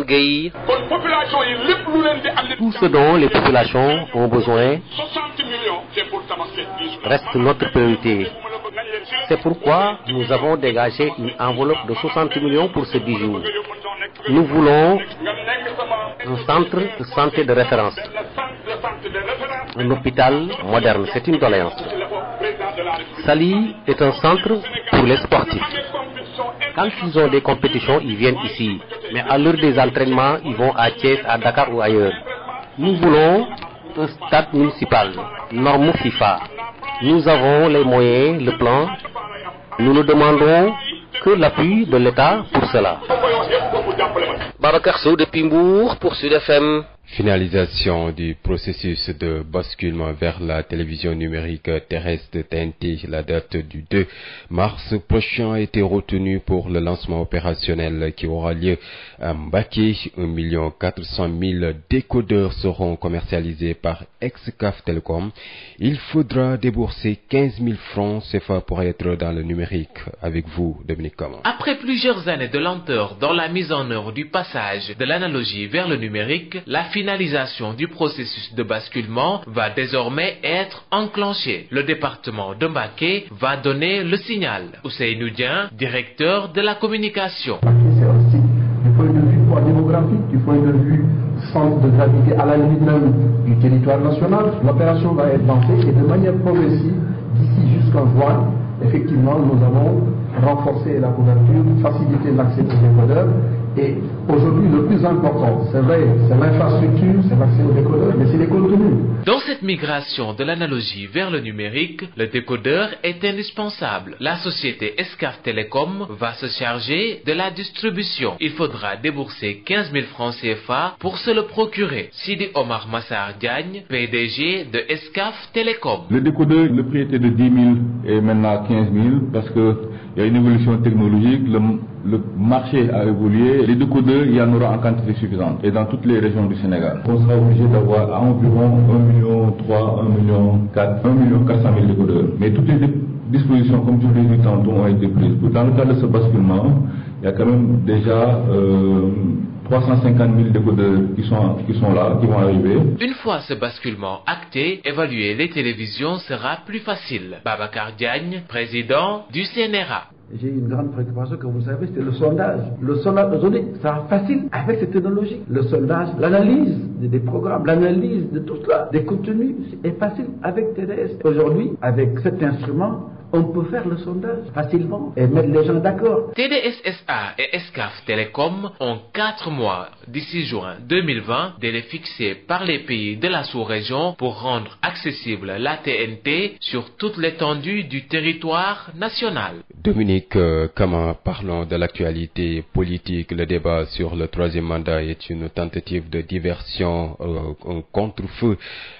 Bougane Gueye. kon population yi lépp tout ce les populations ont besoin. pour Tabaski. reste notre priorité. C'est pourquoi nous avons dégagé une enveloppe de 60 millions pour ce bijou. Nous voulons un centre de santé de référence, un hôpital moderne, c'est une doléance. Sali est un centre pour les sportifs. Quand ils ont des compétitions, ils viennent ici. Mais à l'heure des entraînements, ils vont à Thiès, à Dakar ou ailleurs. Nous voulons un stade municipal, norme FIFA. Nous avons les moyens, le plan. Nous ne demandons que l'appui de l'État pour cela. Finalisation du processus de basculement vers la télévision numérique terrestre TNT, la date du 2 mars prochain a été retenue pour le lancement opérationnel qui aura lieu à Mbacké. 1 million 400 000 décodeurs seront commercialisés par Excaf Telecom. Il faudra débourser 15 000 francs CFA pour être dans le numérique. Avec vous, Après plusieurs années de lenteur dans la mise en œuvre du passage de l'analogie vers le numérique, la finalisation du processus de basculement va désormais être enclenchée. Le département de Mbacké va donner le signal. Ousseynou Dieng, directeur de la communication. point de vue poids démographique, du point de vue centre de gravité à la limite même du territoire national, l'opération va être lancée et de manière progressive, d'ici jusqu'en juin, effectivement, nous avons renforcé la couverture, facilité l'accès aux décodeurs. Et aujourd'hui, le plus important, c'est vrai, c'est l'infrastructure, c'est l'accès aux décodeurs, mais c'est les contenus. Dans cette migration de l'analogie vers le numérique, le décodeur est indispensable. La société Escaf Telecom va se charger de la distribution. Il faudra débourser francs CFA pour se le procurer. Sidi Omar Massar Diagne, PDG de Escaf Telecom. Le décodeur, le quinze parce que y a une évolution technologique le marché a évolué les Déco 2 il y en aura en quantité suffisante et dans toutes les régions du Sénégal on sera obligé d'avoir environ un million million million quatre cent mais toutes les dispositions comme je l'ai dit tantôt ont été prises dans le cadre de ce basculement il y a quand même déjà euh, 350 000 décodeurs qui sont, qui sont là, qui vont arriver. Une fois ce basculement acté, évaluer les télévisions sera plus facile. Babacar Diagne, président du CNRA. J'ai une grande préoccupation que vous savez, c'est le sondage. Le sondage aujourd'hui, ça facile avec cette technologie. Le sondage, l'analyse des programmes, l'analyse de tout cela, des contenus, est facile avec TDS. Aujourd'hui, avec cet instrument, on peut faire le sondage facilement et mettre les gens d'accord. TDSSA et SCAF Télécom ont 4 mois d'ici juin 2020 délai fixé par les pays de la sous-région pour rendre accessible la TNT sur toute l'étendue du territoire national. Dominique Kama, euh, parlons de l'actualité politique. Le débat sur le troisième mandat est une tentative de diversion euh,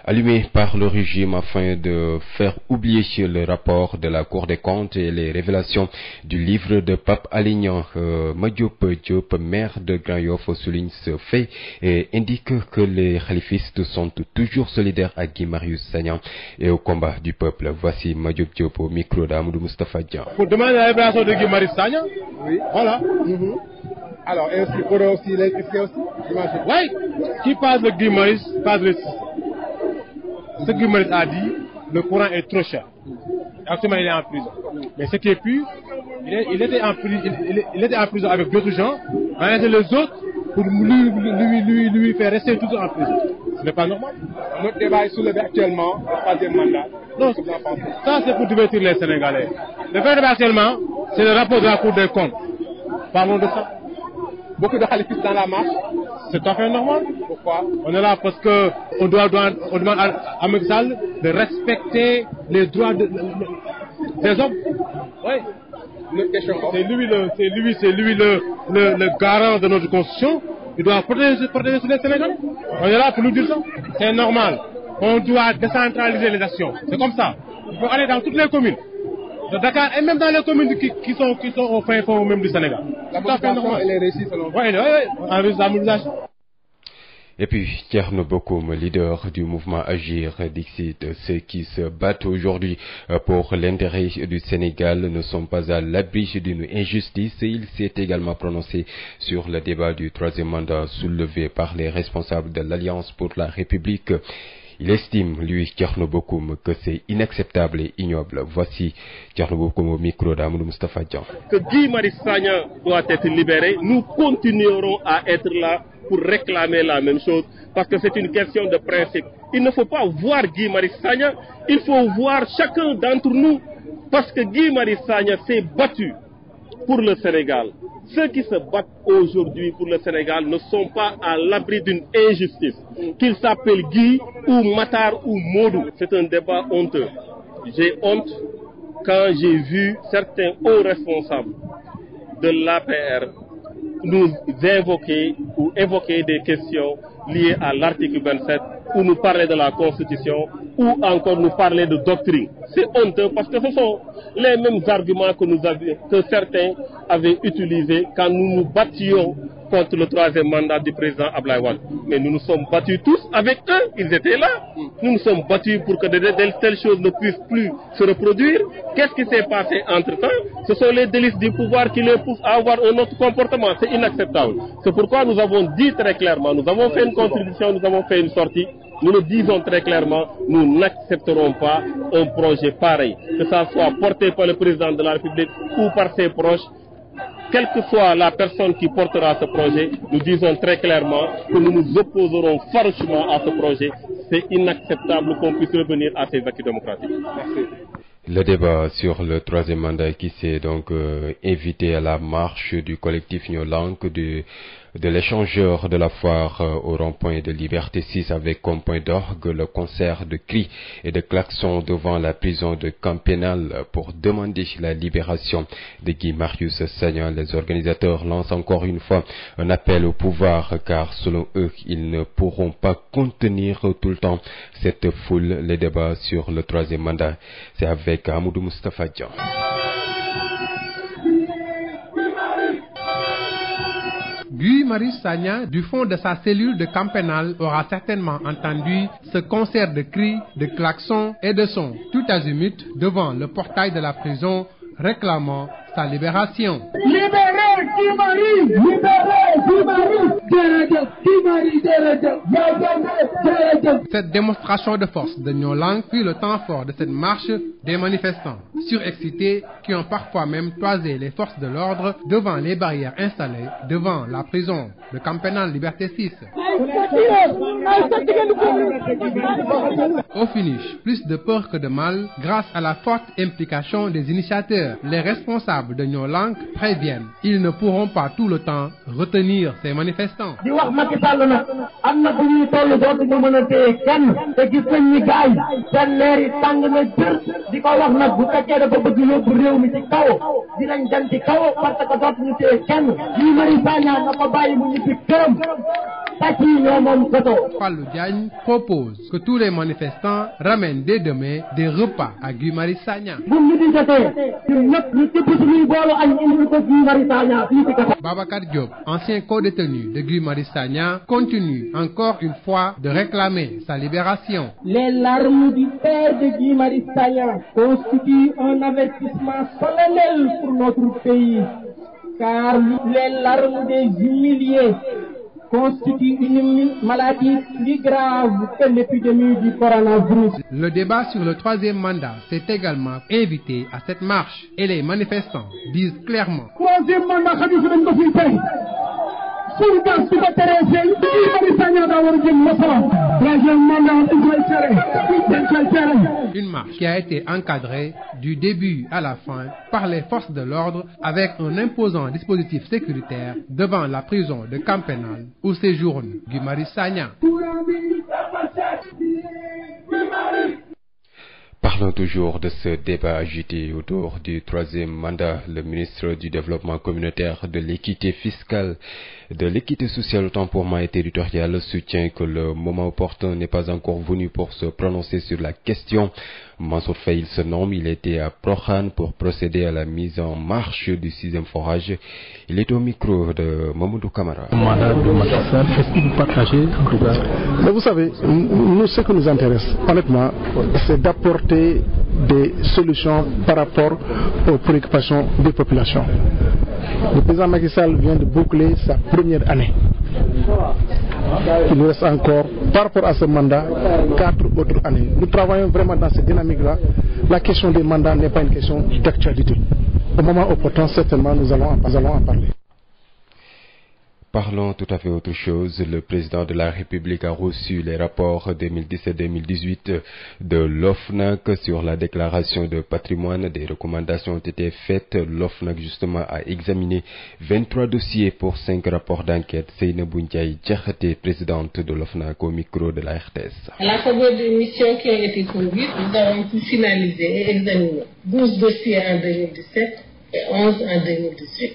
allumée par le régime afin de faire oublier le rapport la Cour des comptes et les révélations du livre de Pape Alignan. Euh, Madiop Diop, maire de Grand Yoff, souligne ce fait et indique que les khalifistes sont toujours solidaires à Guy Marius Sagnan et au combat du peuple. Voici Madiop Diop au micro d'Amadou Moustapha Dian. Pour demander la libération de Guy Marius Sagnan Oui. Voilà. Mhm. Qui passe le Guy Marius, passe le... Ce Guy Marius a dit, le courant est trop cher. Actuellement, il est en prison. Mais ce qui est plus, il, était, en, prison avec d'autres gens, mais les autres pour lui, lui, lui, lui rester toujours en prison. Ce n'est pas normal. Notre débat est soulevé actuellement, troisième mandat. Non, ça c'est pour divertir les Sénégalais. Le fait de la Cour des comptes. Parlons de ça. beaucoup de khalifistes dans la marche, c'est tout fait normal. parce que on demande à, à de respecter les droits de, des C'est lui c'est lui, le, garant de notre constitution. Il doit protéger, protéger les Sénégalais. On est là pour nous dire C'est normal. On doit décentraliser les actions. C'est comme ça. Il faut aller dans toutes les communes. de même dans les communes qui, sont, au fin fond même du Sénégal. La mobilisation, elle est réussie selon vous du mouvement Agir, dixit euh, ceux qui se battent aujourd'hui euh, pour l'intérêt du Sénégal ne sont pas à l'abri d'une injustice. Il s'est également prononcé sur le débat du troisième mandat soulevé par les responsables de l'Alliance pour la République. Il estime, lui, Tcherno que c'est inacceptable et ignoble. Voici Tcherno Bokoum au micro d'Amoudou Mustafa Djan. Que Guy Marissagna doit être libéré. Nous continuerons à être là pour réclamer la même chose parce que c'est une question de principe. Il ne faut pas voir Guy Marissagna, il faut voir chacun d'entre nous parce que Guy Marissagna s'est battu pour le Sénégal. Ceux qui se battent aujourd'hui pour le Sénégal ne sont pas à l'abri d'une injustice, qu'ils s'appellent Guy ou Matar ou Modou. C'est un débat honteux. J'ai honte quand j'ai vu certains hauts responsables de l'APR nous invoquer ou des questions liées à l'article 27 ou nous de la Constitution encore nous parler de doctrine. C'est honteux parce que ce sont les mêmes arguments que, nous avions, contre le troisième mandat du président Ablaye Mais nous nous sommes battus tous avec eux, ils étaient là. Nous nous sommes battus pour que de, telles choses ne puissent plus se reproduire. Qu'est-ce qui s'est passé entre-temps Ce sont les délices du pouvoir qui les poussent à avoir un autre comportement. C'est inacceptable. C'est pourquoi nous avons dit très clairement, nous n'accepterons pas un projet pareil, que ça soit porté par le président de quelle que soit la personne qui portera ce projet, nous disons très clairement que nous nous opposerons farouchement à ce projet. C'est inacceptable qu'on puisse revenir à ces acquis démocratiques. Le débat sur le troisième mandat qui s'est donc euh, invité à la marche du collectif Nyolank de de l'échangeur de la foire euh, au rond-point de Liberté 6 avec comme point d'orgue le concert de cris et de klaxons devant la prison de camp pénal pour demander la libération de Guy Marius Sagnan. Les organisateurs lancent encore une fois un appel au pouvoir car selon eux, ils ne pourront pas contenir tout le temps cette foule. Les débats sur le troisième mandat, c'est avec Amoudou Moustapha Dian. Guy Marius Sagna, du fond de sa cellule de camp pénal, aura certainement entendu ce concert de cris, de klaxons et de sons, tout azimut, devant le portail de la prison, réclamant sa libération. cette démonstration de force de Noo fut le temps fort de cette marche des manifestants surexcités qui ont parfois même toisé les forces de l'ordre devant les barrières installées devant la prison de Camp Liberté 6 Au finish, plus de peur que de mal, grâce à la forte implication des initiateurs, les responsables de Noo préviennent, ils ne pourront pas tout le temps retenir ces manifestants. di wax Macky Sall nag am na bu ñuy toll dootuñu mën a téye kenn te gis ni gaay seen leer yi tàng na jër di ko wax nag bu fekkee dafa bëgg yóbbu réew mi ci kaw dinañ dem ci kaw parce que dootuñu téye kenn lii Mari Sagna na ko bàyyi mu ñibbi këram pàcc ñoo moom goto. Fallou Diagne propose que tous les manifestants ramènent dès demain des repas à Guy Mari Sagna. Babacar Diop, ancien co de Guy Marius continue encore une fois de réclamer sa libération. Les larmes du père de Guy Marius constituent un avertissement solennel pour notre pays, car les larmes des humiliés constitue une maladie plus grave que l'épidémie du coronavirus. Le débat sur le troisième mandat s'est également invité à cette marche et les manifestants disent clairement. troisième mandat xam nga fi dañ ko fiy pour une marche qui a été encadrée du début à la fin par les forces de l'ordre avec un imposant dispositif sécuritaire devant la prison de Camp Pénal séjourne Guy Parlons toujours de ce débat agité autour du troisième mandat. Le ministre du Développement communautaire, de l'équité fiscale, de l'équité sociale, temporaire et territoriale soutient que le moment opportun n'est pas encore venu pour se prononcer sur la question. Mansour Faye se nomme, il était à Prokhane pour procéder à la mise en marche du sixième forage. Il est au micro de Mamoudou Kamara. Mais vous savez, nous, ce qui nous intéresse, honnêtement, c'est d'apporter des solutions par rapport aux préoccupations des populations. Le président Macky vient de boucler sa première année. Il reste encore, par rapport à ce mandat, quatre autres années. Nous travaillons vraiment dans cette dynamique-là. La question des mandats n'est pas une question d'actualité. Au moment opportun, certainement, nous allons en parler. Parlons tout à fait autre Le président de la République a reçu les rapports 2017-2018 la déclaration de patrimoine. Des recommandations ont été faites. L'OFNAC, justement, À la faveur des missions qui ont été conduites, nous avons pu finaliser et examiner 12 dossiers en 2017 et 11 en 2018.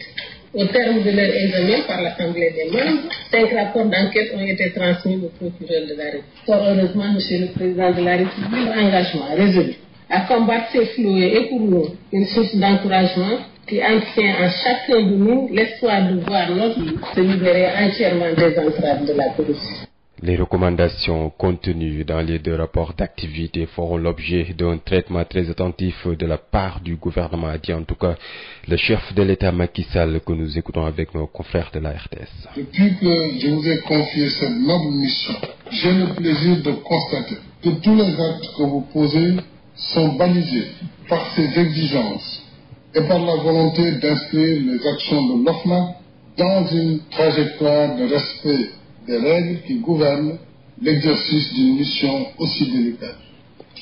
au terme de leur examen par l'Assemblée des membres, cinq rapports d'enquête ont été transmis au procureur de la République. Fort heureusement, Monsieur le Président de la République, engagement résolu à combattre ces fléaux et pour nous une source d'encouragement qui entretient en chacun de nous l'espoir de voir notre vie se entièrement des entraves de la corruption. Les recommandations contenues dans les deux rapports d'activité feront l'objet d'un traitement très attentif de la part du gouvernement, a dit en tout cas le chef de l'État Macky que nous écoutons avec nos confrères de la RTS. Depuis que je vous ai confié cette noble mission, j'ai le plaisir de constater que tous les actes que vous posez sont balisés par ces exigences et par la volonté d'inscrire les actions de l'OFNA dans une trajectoire de des règles qui gouvernent l'exercice d'une mission aussi délicate.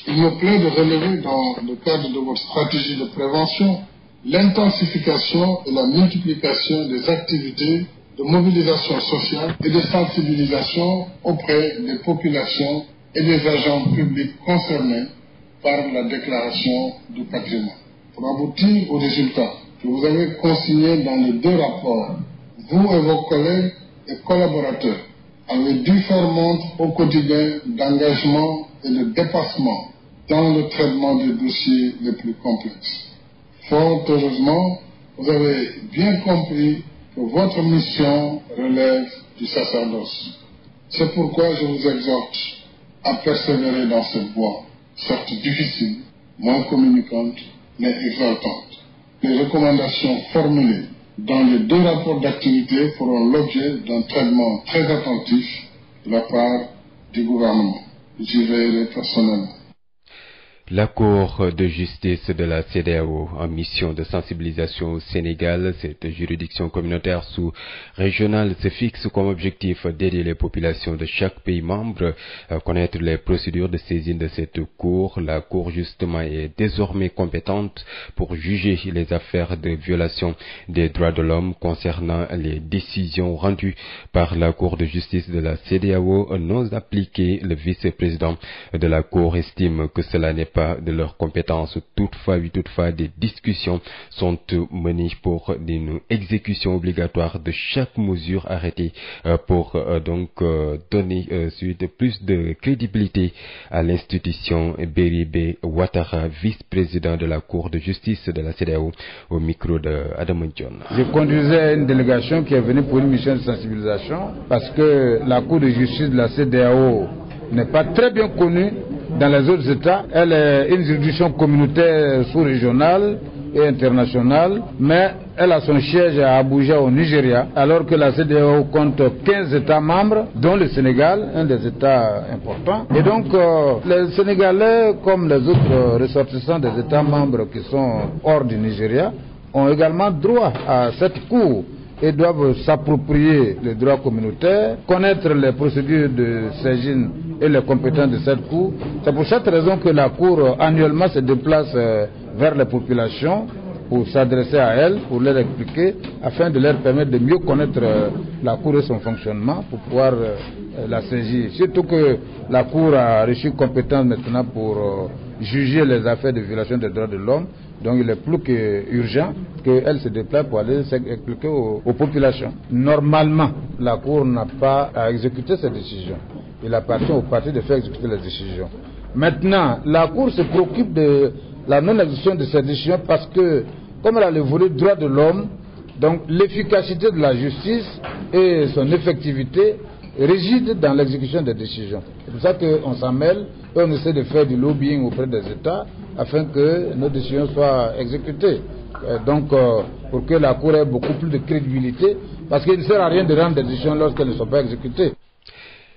Il me plaît de relever dans le cadre de votre stratégie de prévention l'intensification et la multiplication des activités de mobilisation sociale et de sensibilisation auprès des populations et des agents publics concernés par la déclaration du patrimoine. Pour aboutir aux résultats que vous avez consignés dans les deux rapports, vous et vos collègues et collaborateurs avec différentes montres au quotidien d'engagement et de dépassement dans le traitement des dossiers les plus complexes. Fort heureusement, vous avez bien compris que votre mission relève du sacerdoce. C'est pourquoi je vous exhorte à persévérer dans cette voie, certes difficile, moins communicante, mais exaltante. Les recommandations formulées dont les deux rapports d'activité feront l'objet d'un traitement très attentif de la part du gouvernement. J'y veillerai personnellement. La Cour de justice de la CEDEAO en mission de sensibilisation au Sénégal, cette juridiction communautaire sous-régionale se fixe comme objectif d'aider les populations de chaque pays membre à connaître les procédures de saisine de cette Cour. La Cour justement est désormais compétente pour juger les affaires de violation des droits de l'homme concernant les décisions rendues par la Cour de justice de la CEDEAO non appliquées. Le vice-président de pas de leurs compétences. Toutefois, oui, toutefois, des discussions sont menées pour une exécution obligatoire de chaque mesure arrêtée euh, pour euh, donc euh, donner suite plus de crédibilité à l'institution Beribe Ouattara, vice-président de la Cour de justice de la CEDEAO, au micro de Adam John. Je conduisais une délégation qui est venue pour une mission de sensibilisation parce que la Cour de justice de la CEDEAO n'est pas très bien connue dans les autres États, elle est une juridiction communautaire sous-régionale et internationale, mais elle a son siège à Abuja au Nigeria, alors que la CDAO e compte 15 États membres, dont le Sénégal, un des États importants. Et donc, euh, les Sénégalais, comme les autres euh, ressortissants des États membres qui sont hors du Nigeria, ont également droit à cette cour et doivent s'approprier les droits communautaires, connaître les procédures de saisine et les compétences de cette Cour. C'est pour cette raison que la Cour annuellement se déplace euh, vers les populations pour s'adresser à elles, pour leur expliquer, afin de leur permettre de mieux connaître euh, la Cour et son fonctionnement, pour pouvoir euh, la saisir. Surtout que la Cour a reçu compétence pour juger les affaires de violation des droits de l'homme. Donc il est plus qu'urgent qu'elle se déplace pour aller s'expliquer aux, populations. Normalement, la Cour n'a pas à exécuter cette décision. Il appartient au parti de faire exécuter la décision. la Cour se préoccupe de la non-exécution de cette décision parce que, comme elle a le volet droit de l'homme, donc l'efficacité de la justice et son effectivité rigide dans l'exécution des décisions. C'est pour ça qu'on s'en mêle et on essaie de faire du lobbying auprès des États afin que nos décisions soient exécutées. Euh, donc, euh, pour que la Cour ait beaucoup plus de crédibilité, parce qu'il ne sert rien de rendre des décisions lorsqu'elles ne sont pas exécutées.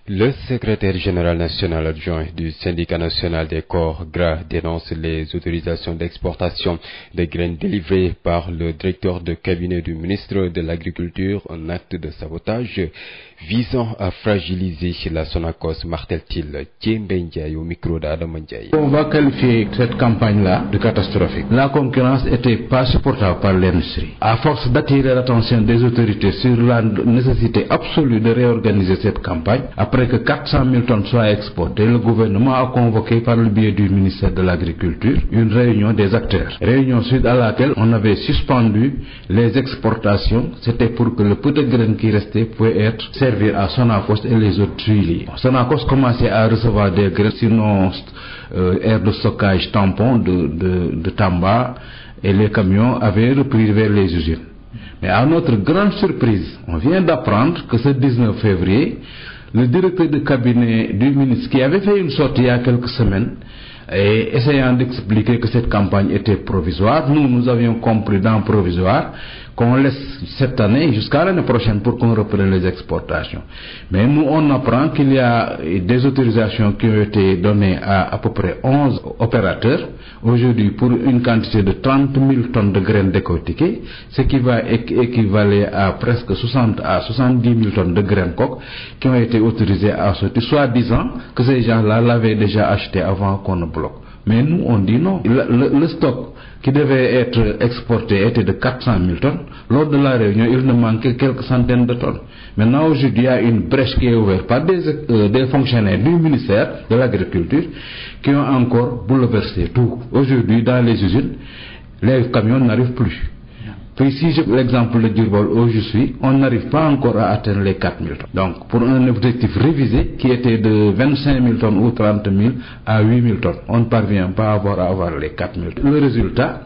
Le secrétaire général national adjoint du syndicat national des corps gras dénonce les autorisations d'exportation des graines délivrées par le directeur de cabinet du ministre de l'Agriculture, un acte de sabotage. visant à fragiliser la Sonacos, t il Ndiaye au micro d'Adam Ndiaye. On va qualifier cette campagne-là de catastrophique. La concurrence n'était pas supportable par l'industrie. À force d'attirer l'attention des autorités sur la nécessité absolue de réorganiser cette campagne, après que tonnes soient exportées, le gouvernement a convoqué par le biais du ministère de l'Agriculture une réunion des acteurs. Réunion suite à laquelle on avait suspendu les exportations. C'était servir à Sonacos et les autres huiliers. Sonacos commençait à recevoir des graines sur nos euh, de stockage tampon de, de, de Tamba et les camions avaient repris vers les usines. Mais à notre grande surprise, on vient d'apprendre que ce février, le directeur de cabinet du ministre qui avait fait une sortie il quelques semaines et essayant d'expliquer que cette campagne était provisoire, nous, nous avions compris dans provisoire, qu'on laisse cette année jusqu'à l'année prochaine pour qu'on reprenne les exportations. Mais nous, on apprend qu'il y a des autorisations qui ont été données à à peu près 11 opérateurs aujourd'hui pour une quantité de 30 000 tonnes de graines décortiquées, ce qui va équivaler à presque 60 à 70 000 tonnes de graines coques qui ont été autorisées à sortir, soit disant que ces gens-là l'avaient déjà acheté avant qu'on ne bloque. Mais nous, on dit non. le stock qui devait être exporté était de 400 000 tonnes. Lors de la réunion, il ne manquait quelques centaines de tonnes. Maintenant, aujourd'hui, a une brèche qui est ouverte par des, euh, des fonctionnaires du ministère de l'Agriculture qui ont encore bouleversé tout. Aujourd'hui, dans les usines, les camions n'arrivent plus. Puis si je l'exemple de Durbol aujourd'hui, on n'arrive pas encore à atteindre les 4 000 tonnes. Donc pour un objectif révisé qui était de 25 000 tonnes ou 30 000 à 8 000 tonnes, on ne parvient pas avoir, à avoir les 4 000 tonnes. Le résultat,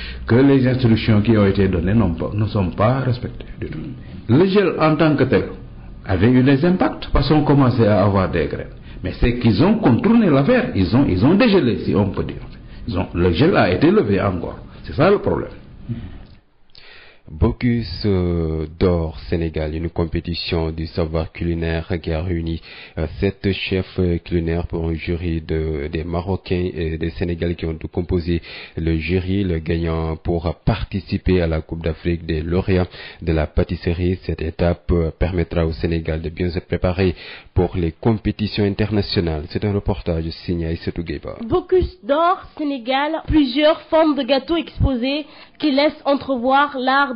que les instructions qui ont été données ne sont pas respectées du tout. Le gel en tant que tel avait eu des impacts parce qu'on commençait à avoir des grèves. Mais c'est qu'ils ont contourné l'affaire, ils ont, ils ont si on peut dire. Ils ont, le gel a été levé encore. C'est ça le problème. Bocus euh, d'or Sénégal, une compétition du savoir culinaire qui a réuni euh, sept chefs culinaires pour un jury de, des Marocains et des Sénégalais qui ont composé le jury. Le gagnant pour participer à la Coupe d'Afrique des lauréats de la pâtisserie. Cette étape euh, permettra au Sénégal de bien se préparer pour les compétitions internationales. C'est un reportage signé à Issetou Sénégal, plusieurs formes de gâteaux exposés qui laissent entrevoir l'art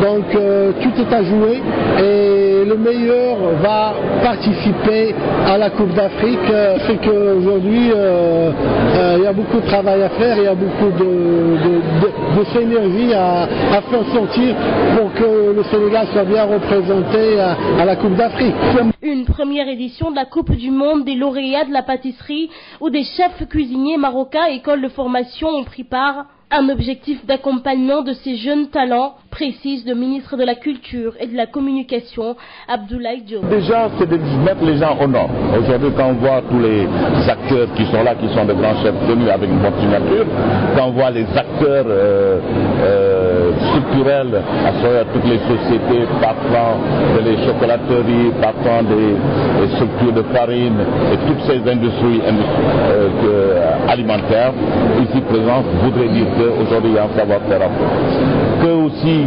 Donc euh, tout est à jouer et le meilleur va participer à la Coupe d'Afrique. Euh, C'est qu'aujourd'hui, euh, euh, il y a beaucoup de travail à faire, il y a beaucoup de, Sénégal soit bien représenté à la Coupe d'Afrique. Une première édition de la Coupe du Monde des lauréats de la pâtisserie où des chefs cuisiniers marocains, écoles de formation ont pris part. Un objectif d'accompagnement de ces jeunes talents précise le ministre de la Culture et de la Communication, Abdoulaye Diop. Déjà, c'est de mettre les gens au nord. Aujourd'hui, quand on voit tous les acteurs qui sont là, qui sont de grands chefs connus avec euh, euh, de les chocolateries, partant des, structures de farine et toutes ces industries, euh, alimentaires, ici présentes, voudrait dire qu'aujourd'hui, il savoir-faire que aussi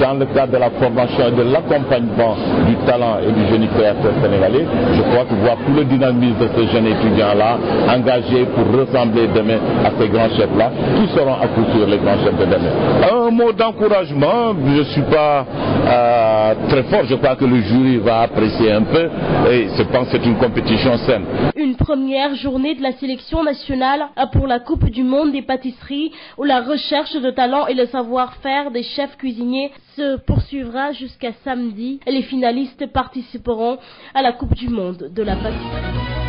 dans le cadre de la formation et de l'accompagnement du talent et du génie créateur sénégalais, je crois pouvoir tout le dynamisme de ces jeunes étudiants-là engagés pour ressembler demain à ces grands chefs-là, qui seront à coup sûr les grands chefs de demain. Un mot d'encouragement, je ne suis pas euh, très fort, je crois que le jury va apprécier un peu et je pense que c'est une compétition saine. Une première journée de la sélection nationale pour la Coupe du Monde des pâtisseries où la recherche de talent et le savoir-faire concert des chefs cuisiniers se poursuivra jusqu'à samedi. Les finalistes participeront à la Coupe du Monde de la pâtisserie.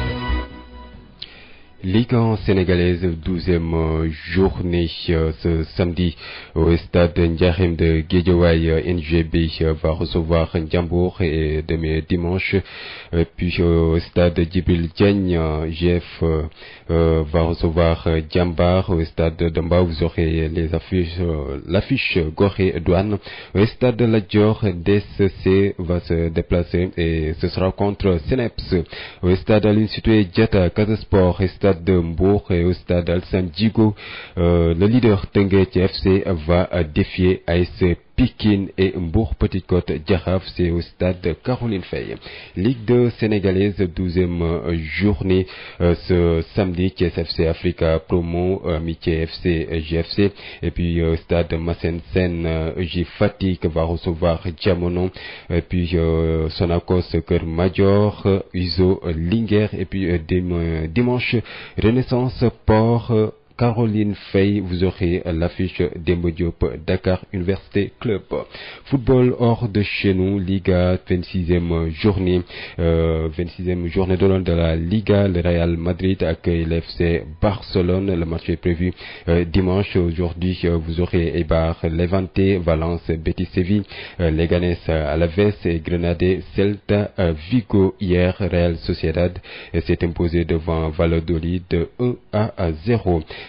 Ligue sénégalaise, 12e euh, journée euh, ce samedi au stade Ndiarem de Guédiawaye. Euh, NGB va recevoir Ndiambour et demain dimanche. Puis au stade Djibril Diagne, GF va recevoir Djambar. Au stade d'Amba, vous aurez l'affiche Gorée Douane. Au stade de la va se déplacer et ce sera contre Seneps. Au stade Aline Situé Diata, Casasport, Stade de Mbourg et au Stade Alassane Djigo. Euh, le leader Tengue FC va défier ASP. Pikine Mbour Petite Côte Jaraaf c'est au stade Caroline Faye Ligue 2 sénégalaise 12e euh, journée euh, ce samedi CSFC Africa Promo Amitié euh, FC GFC et puis stade Massène Sène J va recevoir Diamono et puis Sonacos Keur Madior Uzo Linguère et puis dimanche Renaissance Port Caroline Faye. Vous aurez l'affiche Demba Diop Université Club. Football hors de chez nous, Liga 26e journée, euh, 26e journée de la Liga, le Real Madrid accueille l'FC Barcelone. Le match est prévu euh, dimanche. Aujourd'hui, euh, vous aurez Eibar Levante, Valence, Betis Séville, euh, Leganes Alaves et Grenade Celta euh, Vigo. Hier, Real Sociedad euh, s'est imposé devant Valladolid 1 à 0.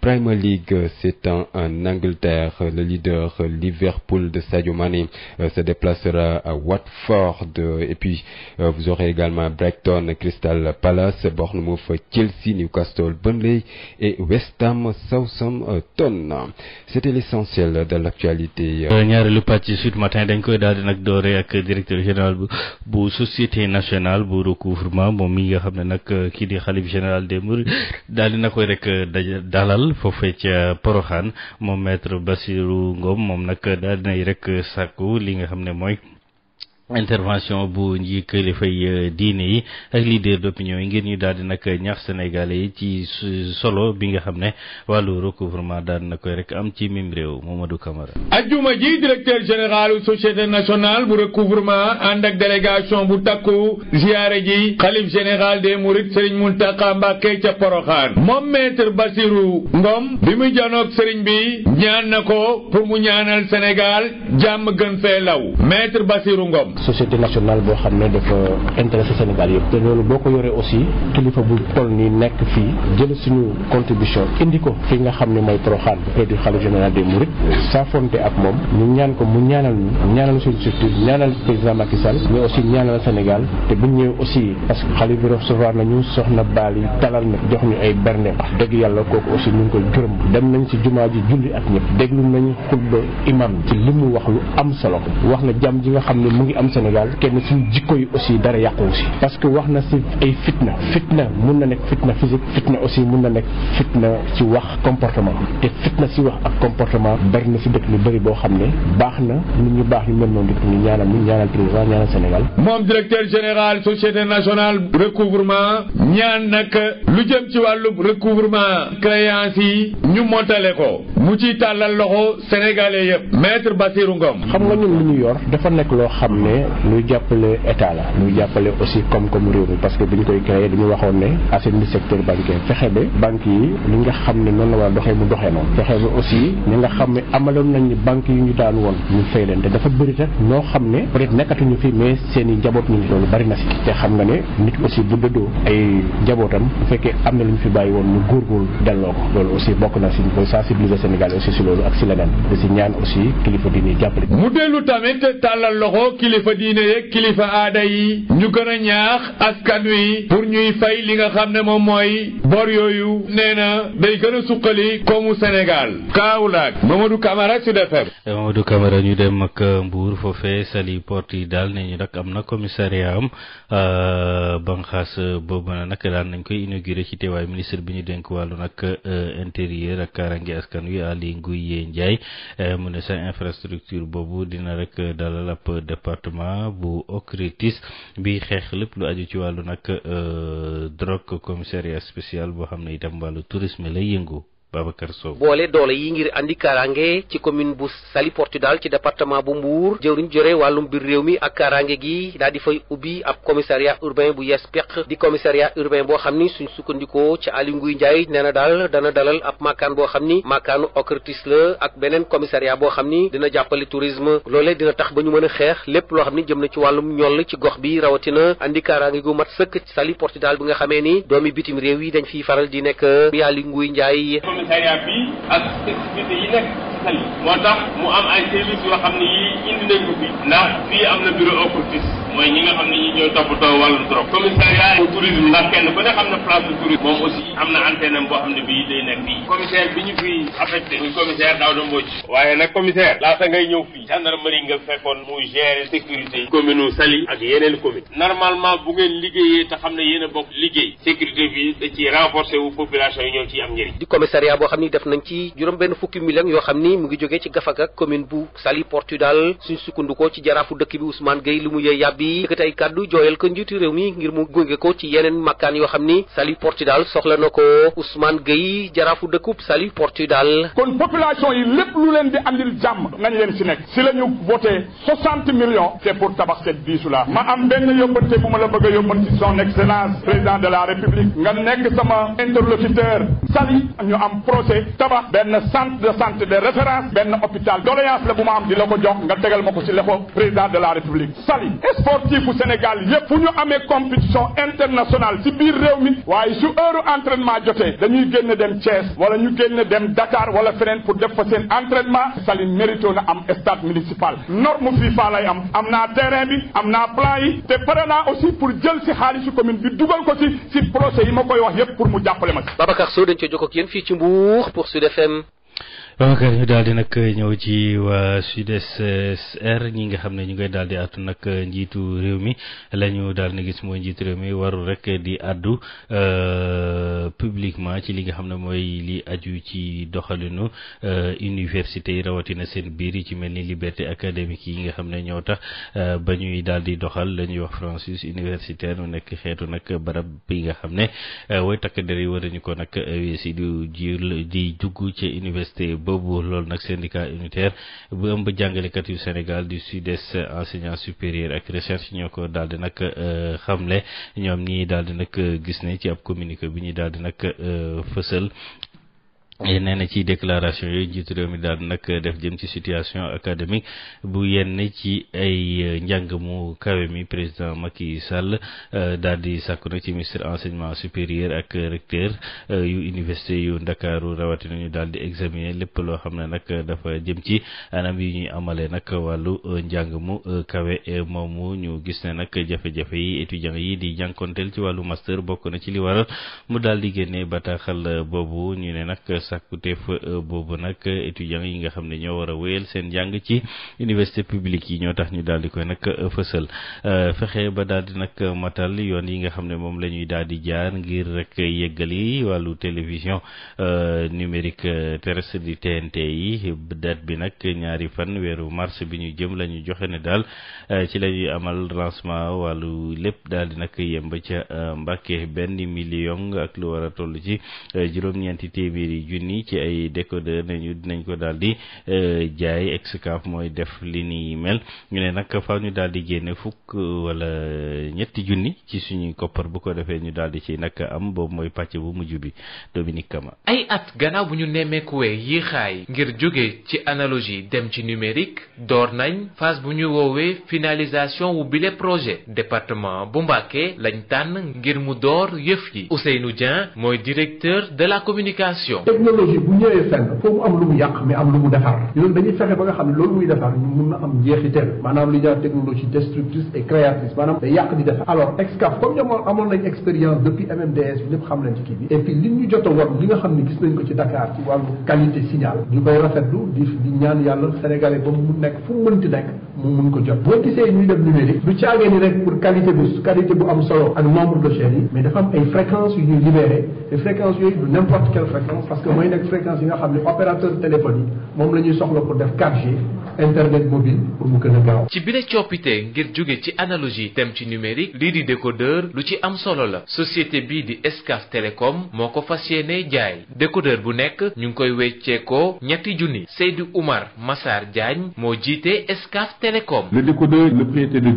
Premier League euh, s'étend en Angleterre. Euh, le leader euh, Liverpool de Sadio Mane se déplacera à Watford. Et puis, vous aurez également Brighton, Crystal Palace, Bournemouth, Chelsea, Newcastle, Burnley et West Ham, Southampton. C'était l'essentiel de l'actualité. ñaareelu pàcc Sud Matin dañ koy daal di nag doore ak directeur général bu société nationale bu recouvrement moom mi nga xam ne nag kii di xalif général des Mourides daal di na amal foofee ca Poroxaan ba si Bassirou Ngom moom nag daal dinay rek sàkku li nga xam ne mooy intervention bu nji kilifay euh, diine yi ak leader d'opinion yi ngir ñu daal di nag ñaax yi ci solo bi nga xam ne wàllu recouvrement daal na koy rek am ci mim réew Mamadou Camara. ajjuma ji directeur général société nationale bu recouvrement ànd ak délégation bu takku ziyaare ji xalif général des mourides Serigne Mountakha Mbacké ca Porokhane moom maître Bassirou Ngom bi mu janoog Serigne bi ñaan na ko pour mu ñaanal Sénégal jàmm gën fee law maître Bassirou Ngom. société nationale boo xam ne dafa intéressé Sénégal yëpp te loolu boo ko yoree aussi kilifa bu toll nii nekk fii jël suñu contribution indi ko fi nga xam ne mooy Porokhane auprès du khalife général des mourides saafonte ak moom ñu ñaan ko mu ñaanal ñu ñaanal suñu structure ñaanal président Macky Sall mais aussi ñaanal Sénégal te bu ñëwee aussi parce que xalifa bi recevoir nañu soxna baal yi na jox ñu ay berne wax dëgg yàlla kooku aussi ñu ngi koy gërëm dem nañ ci jumaa ji julli ak ñëpp lu nañ xutba imam ci li mu wax lu am solo wax na jàmm ji nga xam ne mu ngi am am Sénégal te ne suñu jikko yi aussi dara yàqu aussi parce que wax na si ay fitna fitna mun na nekk fitna physique fitna aussi mun na nekk fitna ci wax comportement te fitna si wax ak comportement bari na si dëkk lu bëri boo xam ne baax na nit ñu baax ñu mel noonu dëkk ñu ñaanal ñu ñaanal président ñaanal Sénégal. moom directeur général société nationale recouvrement ñaan nag lu jëm ci wàllu recouvrement créance yi ñu montale ko mu ciy tàllal loxo sénégalais yëpp maître Bassirou ne luy jàppale état la luy jàppale aussi koom-koomu réew mi parce que bi ñu koy créé dañu waxoon ne assainir secteur bancaire fexe ba banque yi li nga xam ne noonu la war a doxee mu doxee noonu fexe ba aussi ñi nga xam ne amaloon nañ ni yi ñu daan woon ñu fay leen te dafa bëri rek ñoo xam ne peut être nekkatuñu fi mais seen i njaboot ñu ngi loolu bëri na si te xam nga ne nit aussi bu dëddoo ay njabootam bu fekkee am na lu ñu fi bàyyi woon ñu góorgóorlu delloo ko loolu aussi na si ñu koy sensibiliser Sénégal aussi si loolu ak si leneen mu kilifa diine yeeg kilifa aada yi ñu gën a ñaax askan wi pour ñuy fay li nga xam ne moom mooy bor yooyu nee na day gën a suqali koomu Sénégal Kaolack Mamadou Camara Sud FM. Eh, Mamadou Camara ñu dem ak euh, Mbour foofee Saly Porte yi daal ne ñu nag am na commissariat am euh, banxaas euh, boobu nag daan nañ koy inauguré ci teewaay ministre bi ñu dénk wàllu nag intérieur ak kaaraange askan wi Aly Ngouille Ndiaye eh, mu ne sa infrastructure boobu dina rek dalal ab département. département bu OCRTIS bi xeex lépp lu aju ci wàllu nag euh, drogue commissariat spécial boo xam ne itam wàllu tourisme lay yëngu. Babacar Sow boole doole yi ngir andi kaaraange ci commune bu Saly Portudal ci département bu Mbour jëwriñ jore wàllum biir réew mi ak kaaraange gi daal di fay ubbi ab commissariat urbain bu yees peq di commissaria urbain boo xam ni suñu sukkandikoo ci Aliou Nguy Ndiaye nee na daal dana dalal ab makkaan boo xam ni makkaanu OCRTIS la ak beneen commissariat boo xam ni dina jàppale tourisme loole dina tax ba ñu mën a xeex lépp loo xam ni jëm na ci wàllum ñoll ci gox bi rawatina andi kaaraange gu mat sëkk Saly Portudal bi nga xamee ni doomi bitim réew dañ fiy faral di nekk Aliou Nguy Ndiaye commissariat bi ak spécificité yi nekk ci moo tax mu am ay services yoo xam ne yii indi nañ ko fi ndax fii am na bureau occultiste mooy ñi nga xam ne ñi ñooy toppatoo wàllu drogue commissariat bu tourisme ndax kenn ku ne xam na place du tourisme moom aussi am na antenne am boo xam ne bii day nekk fii commissaire bi ñu fi affecté muy commissaire Daouda Mbodj waaye nag commissaire laata ngay ñëw fii gendarmerie nga fekkoon muy gérer sécurité commune ak yeneen commune normalement bu ngeen liggéeyee te a bokk liggéey sécurité bi da wu population yi ñoo ciy partenariat boo xam ni def nañ ci juróom benn fukki million yoo xam ni mu ngi jógee ci Gafaga commune bu Saly Portudal suñ sukkandikoo ci jaraafu dëkk bi Ousmane Gueye li mu yee yàbbi yëkkati ay kàddu jooyal ko njiitu mi ngir mu gunge ko ci yeneen makkaan yoo xam ni Saly Portudal soxla na ko Ousmane Gueye jaraafu dëkkub Saly Portudal kon population yi lépp lu leen di andil jàmm nañ leen si nekk si la ñu soixante millions c'est pour tabax cette biisu la ma am benn yóbbante a am procès tabax benn centre de santé de référence benn hôpital doléance la bu ma am di la ko jox nga tegal ma ko ci loxo président de la république sali sportif Sénégal yépp ñu amee compétition internationale ci biir réew mi waaye su heure entraînement jotee dañuy génn dem Thiès wala ñu génn dem Dakar wala feneen pour def fa seen entraînement sali mérito na am stade municipal norme FIFA lay am am naa terrain bi am naa plan yi te pare aussi pour jël ci xaalisu Bourg pour Sud FM. ok ñu daal di nag ñëw ci waa r ñi nga xam ne ñu ngay daal di àttu nag njiitu réew mi la ñu daal di gis mooy njiitu réew mi warul rek di àddu euh, publiquement ci li nga xam ne mooy li aju ci doxalinu euh, université yi rawatina seen biir yi ci mel ni liberté académique yi nga xam ne ñoo tax euh, ba ñuy daal di doxal la ñuy wax franchise universitaire mu nekk xeetu nag barab bi nga xam ne way takk der yi war ko nag weesi di jël di dugg ci université boobu loolu nag syndicat unitaire bu ëmb jàngalekat yu Sénégal du sud-est enseignement supérieur ak recherche ñoo ko daal di nag euh, xamle ñoom ñi daal di nag euh, gis ne ci ab communiqué bi ñuy daal di nag euh, fësal nee na ci déclaration yooyu njiitu de mi daal nag def jëm ci situation académique bu yenn ci ay euh, njàng mu kawe mi président Macky Sall euh, daal di sàkku na ci ministre enseignement supérieur ak recteur euh, yu université yu ndakaaru rawatina ñu daal di examiner lépp loo xam ne nag dafa jëm ci anam yi ñuy amalee nag wàllu njàng mu kawe moomu ñu gis ne nag jafe-jafe yi étudiants yi di jànkonteel ci wàllu master bokk na ci li waral mu daal di génne bataaxal boobu ñu ne nag. sàkkuteef euh, boobu nag euh, étudiants yi nga xam ne ñoo war a wéyal seen njàng ci université publique yi ñoo tax ñu daal di koy nag euh, fësal fexe ba daal di nag matal yoon yi nga xam ne moom la ñuy daal di jaar ngir rek yëggali wàllu télévision numérique terrestre di TNT yi date bi nag ñaari fan weeru mars bi ñu jëm la ñu joxe ne daal ci la amal lancement wàllu lépp daal di nag yemb ca Mbàkke benn million ak lu war a toll ci juróom-ñeenti téeméeri ni ci ay décodeur nañu dinañ ko daal di euh, jaay Excaf mooy def li ni mel ñu ne nag fa ñu daal di génne fukk wala euh, ñetti junni ci suñuy koppar bu ko defee ñu daal di ci nag am boobu mooy pàcc bu mujj bi Dominique Kama. ay at gannaaw bu ñu nemmeekuwee yi xaay ngir jóge ci analogie dem ci numérique door nañ phase bu ñu woowee finalisation wu bile projet département bu Mbàkke lañ tànn ngir mu door yëf yi Ousseynou Dieng mooy directeur de la communication. technologie bu ñëwee fenn foo am lu mu yàq mais am lu mu defar loolu dañuy fexe ba nga xam ne loolu muy defar ñu mun na am njeexital maanaam li ñaan technologie destructrice et créatrice maanaam day yàq di defar alors Excaf comme ñoom amoon nañ expérience depuis MMDS bi ñëpp xam nañ ci kii bi et puis li ñu jot a won li nga xam ne gis nañ ko ci Dakar ci wàllu qualité signal ñu koy rafetlu di di ñaan yàlla sénégalais ba mu nekk fu mënti nekk mu mun ko jot boo mooy nekk fréquence yi nga xam ne opérateur téléphone yi moom la ñuy soxla pour def 4 internet mobile pour mu gën a ci bile coppite ngir jóge ci analogie dem ci numérique lii di décodeur lu ci am solo la société bii di Excaf Télécom moo ko fas yéenee jaay décodeur bu nekk ñu ngi koy wecceekoo ñetti junni Seydou Oumar Massar Diagne moo jiite Excaf Télécom. le décodeur le prix était de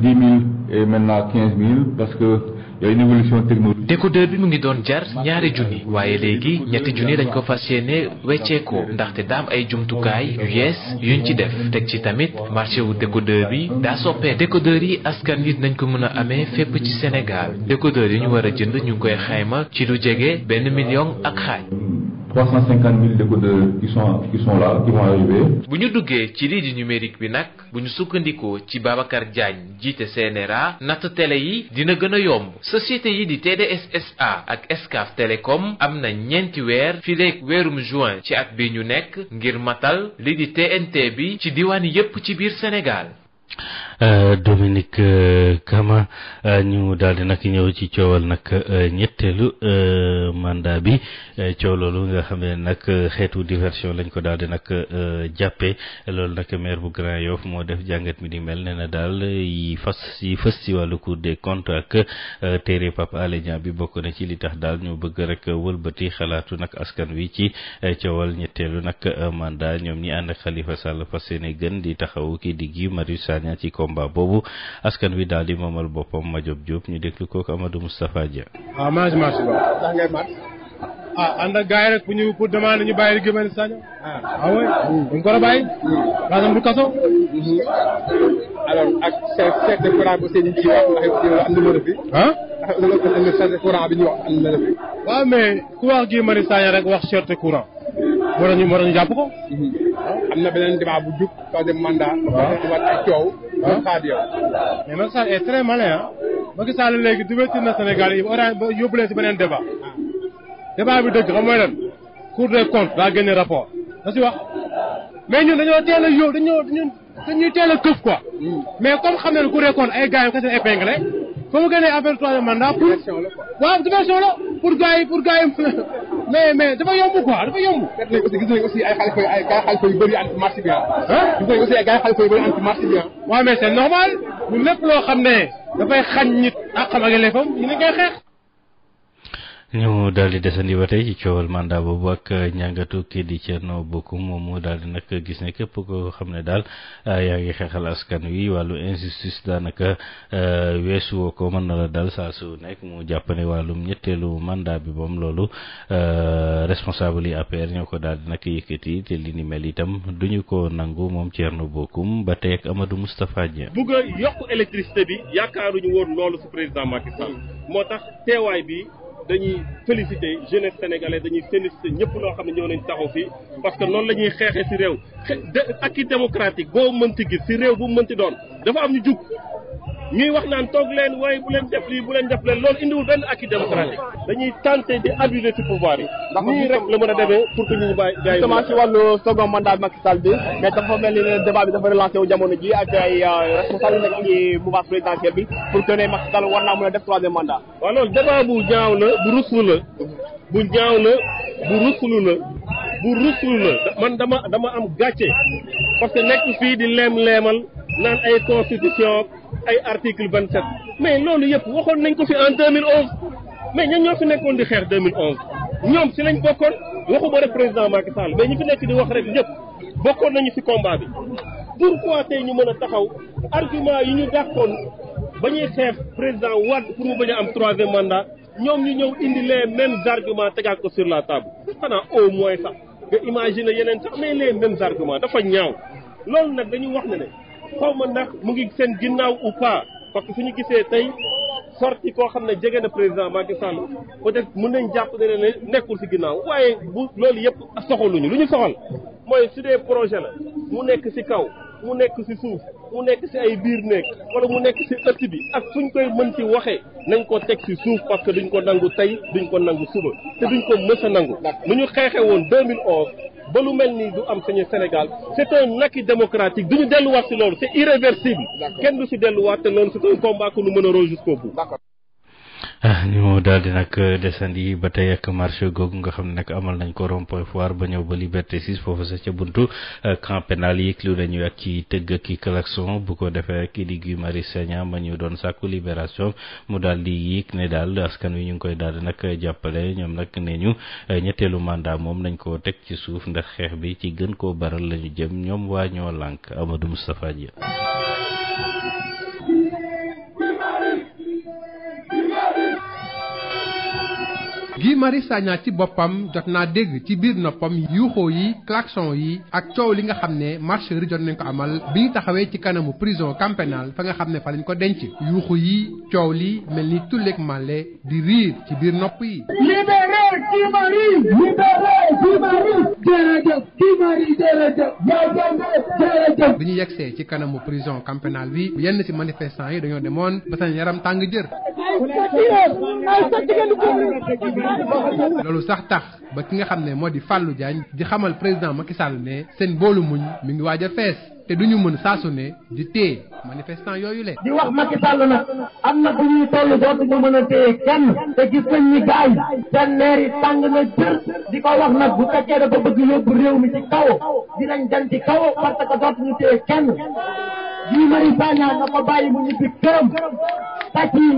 et maintenant quinze parce que. yooyu évolution technologique. bi mu ngi doon jar ñaari junni waaye léegi ñetti junni dañ ko fas yéene wecceekoo ndaxte daam ay jumtukaay yu yees yuñ ci def teg ci tamit marché wu décodeur bi daa soppee décodeur yi askan wi nañ ko mën a amee fépp ci Sénégal décodeur yi ñu war a jënd ñu ngi koy xayma ci lu jege benn million ak xaaj. 350 000 décodeurs qui sont qui bu ñu duggee ci lii di numérique bi nag bu ñu sukkandikoo ci Babacar Diagne jiite CNRA natt tele yi dina gëna yomb société yi di TDSSA ak Excaf Télécom am na ñeenti weer fileeg weerum juin ci at bi ñu nekk ngir matal lii di TNT bi ci diwaan yépp ci biir Sénégal. Euh, Dominique euh, Kama euh, ñu daal di nag ñëw ci coowal nag ñetteelu mandat bi coow loolu nga xam ne nag xeetu diversion lañ ko daal di nag jàppee loolu nag maire bu Grand Yoff moo def jàngat mi di mel nee na daal yi fas yi fës ci wàllu Cour ak téere Pape Alé bi bokk na ci li tax daal ñu bëgg rek wëlbati xalaatu nag askan wi ci coowal ñetteelu nag mandat ñoom ñi ànd ak Khalifa Sall fas yéene gën di taxawu kii di Guy Marius Sagna ci koom combat boobu askan wi daal di moomal boppam Madiop Diop ñu déglu kooku Amadou Moustapha Dia. waaw ah, maa ngi ah, rek bu ñu pour demander ñu bàyyi Guy Marius Sagna. ah, ah oui dañ ko war a bàyyi. maanaam mm. du kaso. Mm-hmm. alors ak chef courant bi ñu ndax yow am numéro bi. ah mais ku wax Guy Marius Sagna rek wax chef courant. waroon ñu waroon ñu jàpp ko. am na beneen débat bu jub troisième mandat. waaw di waat ay coow. waaw xaar yow. mais Macky Sall est très malin ah. Macky Sall léegi divertir na Sénégal yi orange ba yóbbu si beneen débat. Ah. débat bi dëgg xam mooy lan. Cour des comptes daa génne rapport. na si wax mais ñun dañoo teel a yóbbu dañoo dañuy teel a këf quoi. Hmm. mais comme xam nañu Cour des comptes ay gars yu kese épinglé. ba mu gënee affaire troisième mandat pour waaw diversion la pour gars yi pour gars yi mais mais dafa yomb quoi dafa yomb. gis nañ aussi ay xalifa ay gars xalifa yu bëri anti marché bi ah. gis nañ aussi ay gars xalifa yu bëri anti marché bi ah. waaw mais c'est normal ñun lépp loo xam ne dafay xañ nit àqam ak yelleefam ñu ngi koy xeex. ñu daal di desandi ba tey ci coowal mandat boobu ak ñàngatu kii di Thierno Bocoum moom mu daal di nag gis ne képp koo xam ne daal ah, yaa ngi xeexal askan wi wàllu injustice daanaka ah, weesu woo ko mën na la dal saa su nekk mu jàpp ne wàllum ñetteelu mandat bi moom loolu ah, responsable yi APR ñoo ko daal nak nag yëkkati te li ni mel itam duñu ko nangu moom Thierno Bocoum ba tey ak Amadou Moustapha Dieng. dañuy féliciter jeunesse sénégalais dañuy féliciter ñëpp loo xam ne ñëw nañ taxaw fii parce que noonu la ñuy xeexee ci réew acquis démocratique boo mënti gis ci réew bu mënti doon dafa am ñu jug ñuy wax naan toog leen waaye bu leen def lii bu leen def leen loolu indiwul benn acquis démocratique dañuy tenté di abuser ci pouvoir yi nii rek la mën a demee pour que ñu bàyyi justement ci wàllu second mandat Macky bi mais dafa mel ni débat bi dafa relancé jamono ji ak ay euh, responsable nekk ci mouvance présidentielle bi pour que ne Macky war naa mën a def troisième mandat waaw loolu débat bu ñaaw la bu ruslu la bu ñaaw la bu ruslu la man dama dama am gàcce parce que nekk fii di leem-leemal naan ay constitution ay article vingt sept mais loolu yëpp waxoon nañ ko fi en deux mille onze mais ñan ñoo fi nekkoon di xeex deux mille onze ñoom si lañ bokkoon waxu ba rek président Macky Sall mais ñu fi nekk di wax rek ñëpp bokkoon nañu si combat bi pourquoi tey ñu mën a taxaw argument yi ñu dàqoon ba ñuy xeex président Wade pour mu bañ am troisième mandat ñoom ñu ñëw indi les mêmes arguments tegaat ko sur la table xanaa au moins sax nga imaginer yeneen sax mais les mêmes arguments dafa ñaaw loolu nag dañu wax ne xaw ma ndax mu ngi seen ginnaaw ou pas parce que suñu gisee tey sorti koo xam ne jege na président Macky Sall peut-être mën nañ jàpp ne nekkul si ginnaaw waaye bu loolu yëpp soxaluñu lu ñu soxal mooy su dee projet la mu nekk si kaw mu nekk si suuf mu nekk si ay biir néeg wala mu nekk ci ëtt bi ak suñ koy mën ci waxee nañ ko teg si suuf parce que duñ ko nangu tey duñ ko nangu suba te duñ ko mës nangu lu ñu xeexee woon 2011 ba lu mel nii du am sañu Sénégal c'est un acquis démocratique du ñu delluwaat si loolu c'est irréversible kenn du si delluwaat te loolu c'est un combat que nous mènerons jusqu'au bout ah ñu daal di nag desandi ba tey ak marché googu nga xam ne nag amal nañ ko rond point foire ba ñëw ba Liberté 6 foofu sax ca buntu euh, camp pénal yi lu nañu ak ci tëgg ki klaxon bu ko defee kii di Guy Marius Sagna ma ñu doon sàkku libération mu daal di yéeg ne daal askan wi ñu ngi koy daal di nag jàppale ñoom nag nee ñu euh, ñetteelu mandat moom nañ koo teg ci suuf ndax xeex bi ci gën koo baral lañu ñu jëm ñoom waa ñoo lànk Amadou Moustapha Dia Guy Marius Sagna ci boppam jot naa dégg ci biir noppam yuuxoo yi klaxon yi ak coow li nga xam ne marché ri jot nañ ko amal bi ñu taxawee ci kanamu prison camp pénal fa nga xam ne fa ko denc yuuxu yi coow li mel ni tulleeg màlle di riir ci biir nopp yi libéré Guy Marius libéré bi ñu yegsee ci kanamu prison camp pénal bi yenn ci manifestants yi dañoo demoon ba seen yaram tàng jër loolu sax tax ba ki nga xam ne moo di Fallou Diagne di xamal président Macky Sall ne seen boolu muñ mi ngi waaj a fees te duñu mën saasu ne di téye manifestant yooyu le di wax Macky Sall nag am na bu ñuy toll dootuñu mën a téye kenn te gis nañ ni gaay seen neer yi tàng na jër di ko wax nag bu fekkee dafa bëgg yóbbu réew mi ci kaw dinañ dem kaw parce que dootuñu téye kenn Guy Marius Sagna na ko bàyyi mu ñibbi këram pàcc yi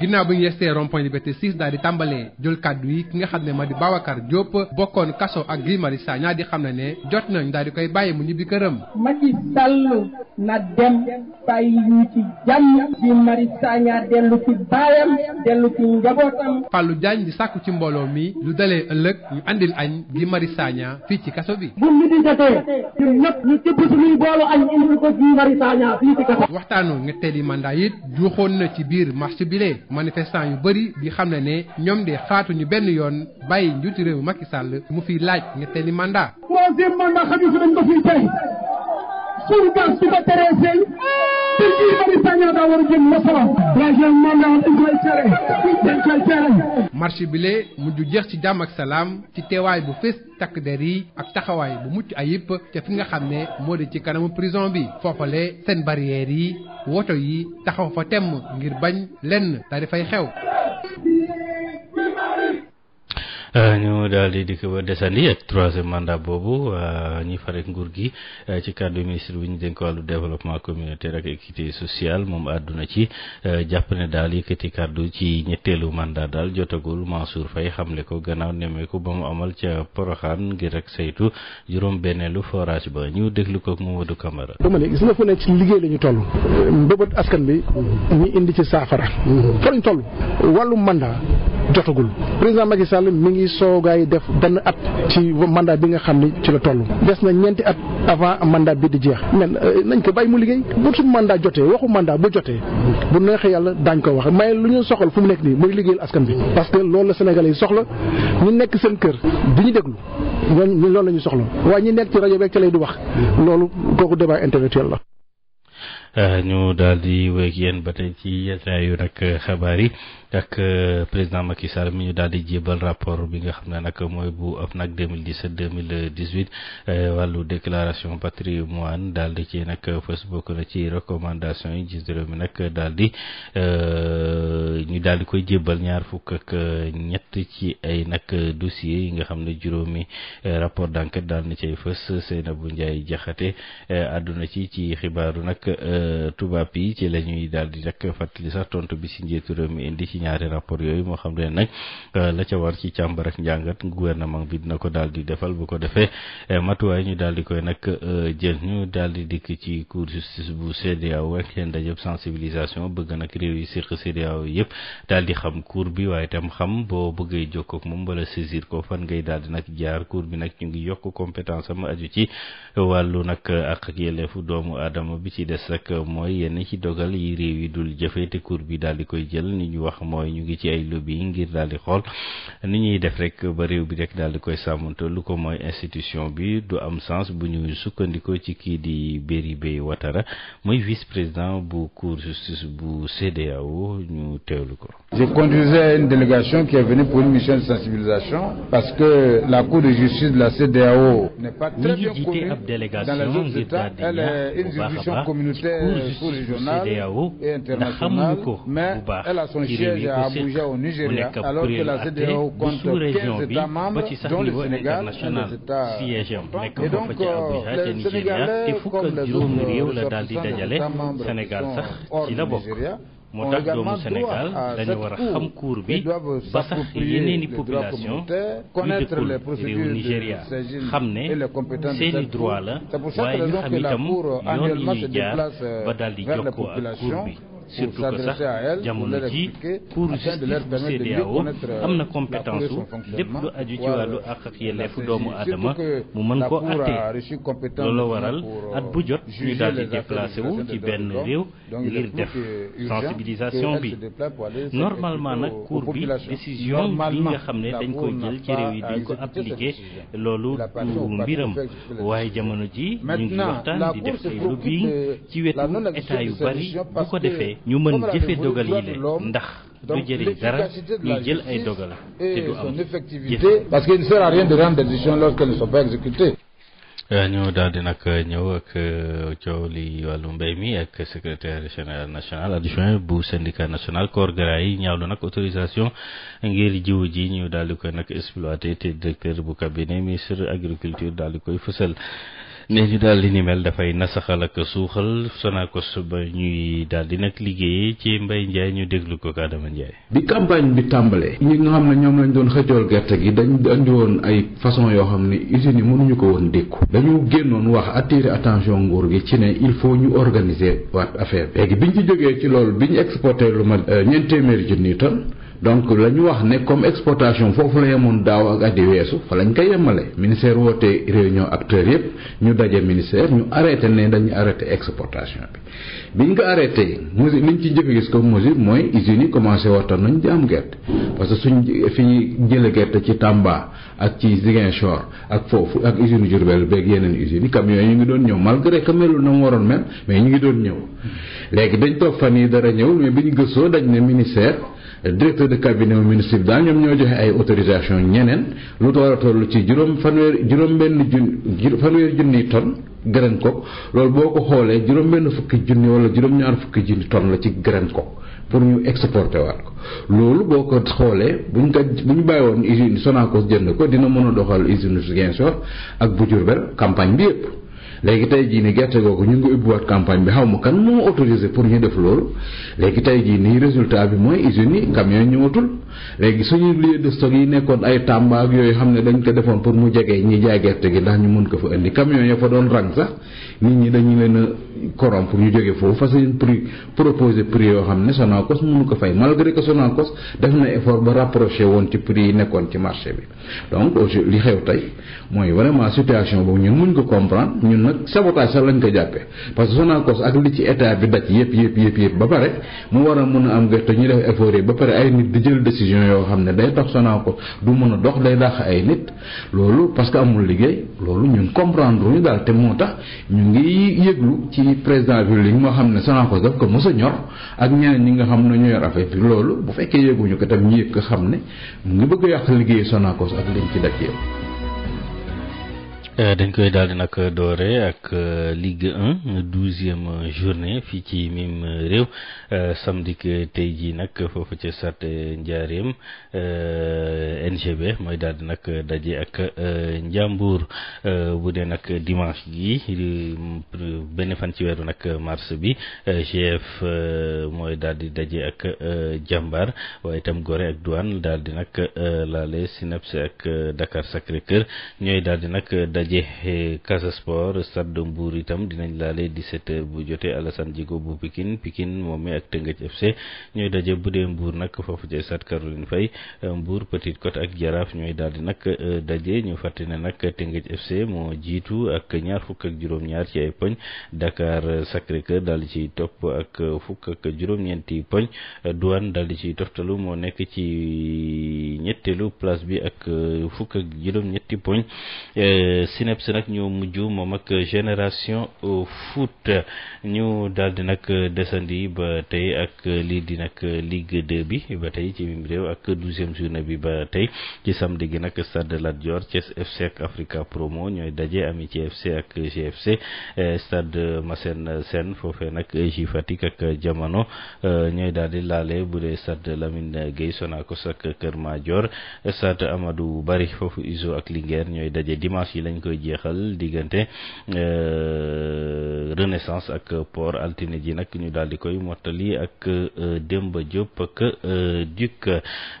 ginnaaw bi ñu yestee rond-point Liberté 6 daal di tàmbalee jël kàddu yi ki nga xam ne ma di Babacar Diop bokkoon kaso ak Guy Marius Sagna di xam na ne jot nañ daal di koy bàyyi mu ñibbi këram Macky Sall na dem bàyyi ñu ci jàmm Guy Marius Sagna dellu ci baayam dellu ci njabootam Fallou Diagne di sàkku ci mbooloo mi lu dalee ëllëg ñu andil añ Guy Marius Sagna fii ci kaso bi Mbari Sagna fii ci ñetteeli mandat it juuxoon na ci biir marche bile manifestant yu bëri di xam ne ne ñoom de xaatuñu benn yoon bàyyi njuuti réew Macky Sall mu fiy laaj ñetteeli mandat. troisième mandat xam nga fi dañ ko fiy tey suñu gaz bi ba teree turki bile saña daa jeex ci jàmm ak salaam ci teewaay bu fees takk der yi ak taxawaay bu mucc ayib te fi nga xam ne moo di ci kanamu prison bi foofale seen barrières yi woto yi taxaw fa temm ngir bañ lenn daal xew ñu daal di dikk ba desandi ak troisième mandat boobu euh, ñi farek nguur gi euh, ci kàddu ministre bi ñu dénk wàllu développement communautaire ak équité sociale moom àdduna ci euh, jàpp ne daal yëkkati kàddu ci ñetteelu mandat daal jotagul Mansour Faye xamle ko gannaaw nemmeeku ba mu amal ca Poroxaan ngir rek saytu juróom lu forage ba ñu déglu ko Mamadou Camara. dama ne gis nga fu ne ci liggéey la ñu mbëbët askan bi. ñu indi ci saafara. fa lañ toll ngi soogaay def benn at ci mandat bi nga xam ni ci la toll des na ñeenti at avant mandat bi di jeex euh, nañ ko bàyyi mu liggéey bu su mandat jotee waxu mandat bu jotee bu neexee yàlla daañ ko wax mais lu ñu soxal fu mu nekk nii mooy liggéeyal askan bi parce que loolu la Sénégalais yi soxla ñu nekk seen kër di ñu déglu ñooñu loolu la ñu soxla waaye ñi nekk ci rajo beeg ca lay di wax loolu kooku débat intellectuel la euh, ñu daal di wéy ak yéen ak %e président :fra Macky Sall mi ñu daal di jébal rapport :fra bi nga xam ne nag mooy bu OFNAC deux :fra mille :fra dix :fra sept wàllu déclaration :fra patrimoine :fra daal di ci nag fës bokk na ci recommandation :fra yi njiitu nag daal di %e ñu daal di koy jébal ñaar fukk %e ñett ci ay nag dossiers :fra yi nga xam ne juróomi rapport :fra d' :fra enquête daal na cay fës Seynabou bu Diakhaté [r] adduna ci ci xibaaru nag %e tubaab yi ci la ñuy daal di rek fàttali sax tontu bi si njiitu réew indi ci ñaari rapport yooyu moo xam ne nag euh, la ca war ci càmbar ak njàngat gouvernement bi dina ko daal di defal bu ko defee euh, matuwaay ñu daal di koy nag euh, jël ñu daal di dikk ci cour justice bu CEDEAO ak seen dajëb bëgg nag réew yi séq CEDEAO yëpp daal di xam cour bi waaye tam xam boo bëggee jokkoo moom wala saisir ko fan ngay daal di nag jaar cour bi nag ñu ngi yokk compétence am aju ci wàllu nag ak ak yelleefu doomu aadama bi ci des rek mooy yenn ci dogal yi réew yi dul jëfee te cour bi daal koy jël ni ñu wax mooy ñu ngi ci ay lobby ngir daal di xool ni ñuy def rek ba réew bi rek daal di koy sàmmante lu ko mooy institution bi du am sens bu ñu sukkandikoo ci kii di Béribé Ouattara mooy vice président bu cour justice bu CEDEAO ñu teewlu ko. Je conduisais une délégation qui est venue pour une mission de sensibilisation parce que la cour de justice de la CEDEAO n'est pas très bien connue dans la zone CETA elle est une institution communautaire pour les journaux et a son Norvège a bougé au Nigeria alors que la CEDEAO compte 15 États membres dont le Sénégal un des États et donc euh, les Sénégalais comme les autres ressortissants des États membres qui sont hors du Nigeria moo tax doomu dañu war a xam cours bi ba sax yeneen i yu dëkkul réewu Nigéria xam ne seen droit la waaye ñu xam itam yoon yi ñuy jaar ba daal di ak cours bi surtout que sax jamono ji cour justice bu CEDEAO am na compétence lépp lu aju ci wàllu àq ak yelleefu doomu aadama mu mën koo àttee looloo waral euh, at bu jot ñu daal di déplacé wu ci benn réew ngir def sensibilisation bi normalement nag cour bi décision bi nga xam ne dañ ko jël ci réew yi duñ ko appliqué loolu du mbiram waaye jamono ji ñu ngi waxtaan di def ay lobbying ci wetu état yu bari bu ko defee ñu mën jëfe dogal yi le ndax du jëriñ dara ñu jël ay dogal te du am jëf parce qu'il euh, ñu daal di nag euh, ñëw ak euh, coow li wàllu mbay mi ak secrétaire général national adjoint bu syndicat national corps gras yi ñaawlu nag autorisation ngir jiw ji ñu daal di koy nag exploité te directeur bu cabinet ministre agriculture daal di koy fësal ne ñu daal ni mel dafay nasaxal ak suuxal Sonacos ba ñuy daal di nag liggéeyee ci mbay Ndiaye ñu déglu ko Adama Ndiaye. bi campagne bi tàmbalee. ñi nga xam ne ñoom lañ doon xëjool gerte gi dañ andi woon ay façon yoo xam ne usines yi mënuñu ko woon dékku dañu génnoon wax attirer attention nguur gi ci ne il faut ñu organiser waat affaire bi léegi ci jógee ci loolu bi ñu exporté lu mat euh, ñeent téeméeri junniy tonnes donc la ñu wax ne comme exportation foofu la yemoon daaw ak at yi weesu fa lañ koy yemale ministère woote réunion acteurs yëpp ñu daje ministère ñu arrêté ne dañu arrêté exportation bi biñ ko arrêté mesure liñ ci jëkk gis comme mesure mooy usines yi commencé nañu nañ am gerte parce que suñ fi ñuy jële gerte ci Tamba ak ci Ziguinchor ak foofu ak usine Diourbel beeg yeneen usines yi camions yi ñu ngi doon ñëw malgré que melul na mu waroon mel mais ñu ngi doon ñëw mm. léegi dañ ñu dañ ne ministère directeur de cabinet au ministre daal ñoom ñoo joxe ay autorisation ñeneen lu war a toll ci juróom fanweer juróom-benn jun fanweer junniy tonne graine coke loolu boo ko xoolee juróom-benn fukki junni wala juróom-ñaar fukki junni tonne la ci graine coke pour ñu exporter waat ko loolu boo ko xoolee buñ ko bu ñu bàyyi woon usine Sonacos jënd ko dina mën a doxal usine Ziguinchor ak bu Diourbel campagne bi yëpp. léegi tey jii nii gerte googu ñu ngi ubbiwaat campagne bi xaw ma kan moo autorisé pour ñu def loolu léegi tey jii nii résultat bi mooy usines yi camions yi ñëwatul léegi suñu lieu de stock yi nekkoon ay Tamba yooyu xam ne dañ ko defoon pour mu jege ñi jaay gerte gi ndax ñu mun ko fa indi camion ya fa doon rang sax nit ñi dañu leen a corrompre ñu jógee foofu fas yéene prix proposé prix yoo xam ne Sonacos mënu ko fay malgré que Sonacos def na effort ba rapproché woon ci prix yi nekkoon ci marché bi donc aujourd'hui li xew tey mooy vraiment situation boobu ñun muñ ko comprendre ñun nag sabotage sax lañ ko jàppee parce que Sonacos ak li ci état bi daj yëpp yëpp ba pare mu war a mun a am gerte ñu def effort yi ba pare ay nit di jël décision yoo xam ne day tax Sonacos du mën a dox day dàq ay nit loolu parce que amul liggéey loolu ngi yëglu ci président république moo xam ne Sonacos daf ko mos a ñor ak ñeneen ñi nga xam ne ñoo yor affaire bi loolu bu fekkee yëguñu ko tam ñu yëg ko xam ne mu ngi bëgg a yàq liggéey Sonacos ak liñ ci def yëpp Euh, dañ koy daal di nag doore ak euh, Ligue 1 douzième journée fii ci mim réew euh, samedi tey jii nag foofu ci sat njaareem NGB mooy daal di nag daje ak Njàmbur bu dee nag dimanche gi benn fan ci weeru nag mars bi GF mooy daal di daje ak Jàmbaar waaye itam Gorée ak Douane daal di nag laale SNAPS ak Dakar Sacré-Cœur ñooy daal di daje daje eh, Casa Sport Stade de Mbour itam dinañ laale di h bu jotee Alassane Djigo bu Pikine Pikine moom ak Teungueth FC ñooy daje bu dee Mbour nag foofu ci Stade Caroline Faye eh, Mbour Petite Côte ak Jaraaf ñooy daal di nag eh, daje ñu fàtte ne nag Teungueth FC moo jiitu ak ñaar fukk ak juróom-ñaar ci ay poñ Dakar Sacré-Cœur daal di ciy topp ak fukk ak juróom-ñeenti di ciy toftalu moo nekk ci ñetteelu place bi ak fukk ak juróom-ñetti poñ. synapse nag ñoo mujj moom ak génération foot ñu daal di nag desandi ba tey ak lii di nag Ligue 2 bi ba tey ci mim réew ak douzième journée bi ba tey ci samedi gi nag Stade Lat Dior Thiès FC ak Africa Promo ñooy daje Amitié FC ak GFC eh, Stade Massène Sène foofee nag J Fatick ak Jamono eh, ñooy daal di laale bu dee Stade Lamine Gueye Sonacos ak Kër Madior Stade Amadou Barry foofu Izo ak Linguère ñooy daje dimanche yi lañ koy jeexal diggante euh, renaissance ak port altine ji nag ñu daal di koy mottali ak euh, Demba Diop ak euh, Duc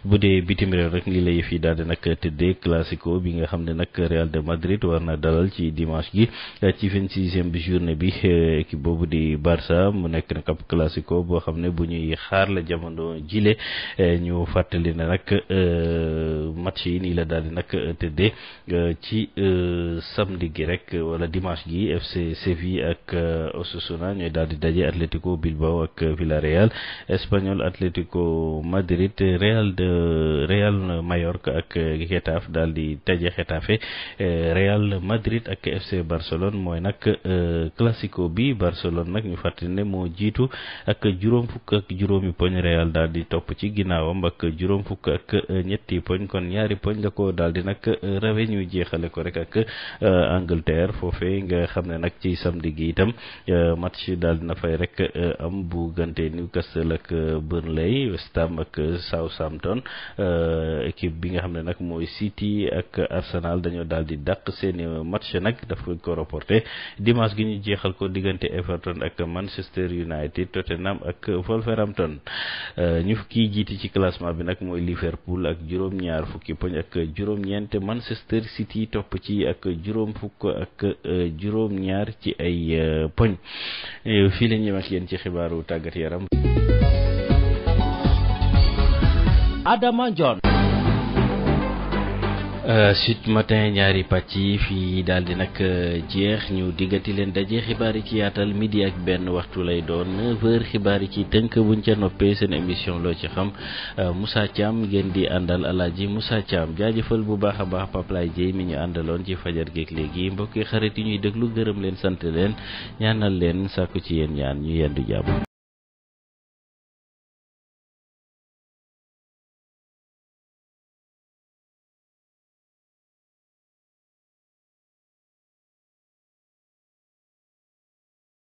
bu dee bitim réew rek lii la yëf yi daal di nag tëddee classico bi nga xam ne nag Real de Madrid war na dalal ci dimanche gi ci vingt sixième journée bi équipe boobu di Barça mu nekk nag ab classico boo xam ne bu ñuy xaar la jamono jile ñu fàttali ne nag match yi nii la daal di nag ci. samedi gi rek wala dimanche gi FC Séville ak euh, Osasuna ñooy daal di daje Atlético Bilbao ak euh, Villarreal Espagnol Atlético Madrid Real de Real Mallorca ak euh, Getafe daal di daje Getafe Real Madrid ak FC Barcelone mooy nag classico bi Barcelone nag ñu fàttali ne moo jiitu ak juróom fukk ak juróomi poñ Real daal di topp ci ginnaawam ak juróom fukk ak ñetti poñ kon ñaari poñ la ko daal rawe ñu jeexale ko rek ak Euh, Angleterre foofee nga xam ne nag ci samedi gi itam euh, match daal dina fay rek euh, am bu gante Newcastle ak Burnley West Ham ak Southampton équipe bi nga xam ne nag mooy City ak Arsenal dañoo daal di daq seeni match nag daf ko reporté dimanche gi ñu jeexal ko diggante Everton ak Manchester United Tottenham ak Wolverhampton ñu kii jiiti ci classement bi nag mooy Liverpool ak juróom-ñaar fukki poñ ak juróom-ñeent Manchester City topp ci ak juróom fukk euh, juróom ñaar ci ay euh, poñ euh, fii la ñëw ak yéen ci xibaaru tàggat yaram Adama Ndione Euh, Sud Matin ñaari pàcc yi fii daal di nag euh, jeex ñu diggati leen daje xibaar yi ci yaatal midi ak benn waxtu lay doon 9h xibaar yi ci tënk buñ ca noppee seen émission loo ci xam euh, Moussa Thiam ngeen di àndal alaaji Moussa Thiam jaajëfal bu baax a baax Pape Laye Dieye mi ñu àndaloon ci fajar géeg léegi mbokki xarit yi ñuy déglu gërëm leen sant leen ñaanal leen sàkku ci yéen ñaan ñu yendu jàmm.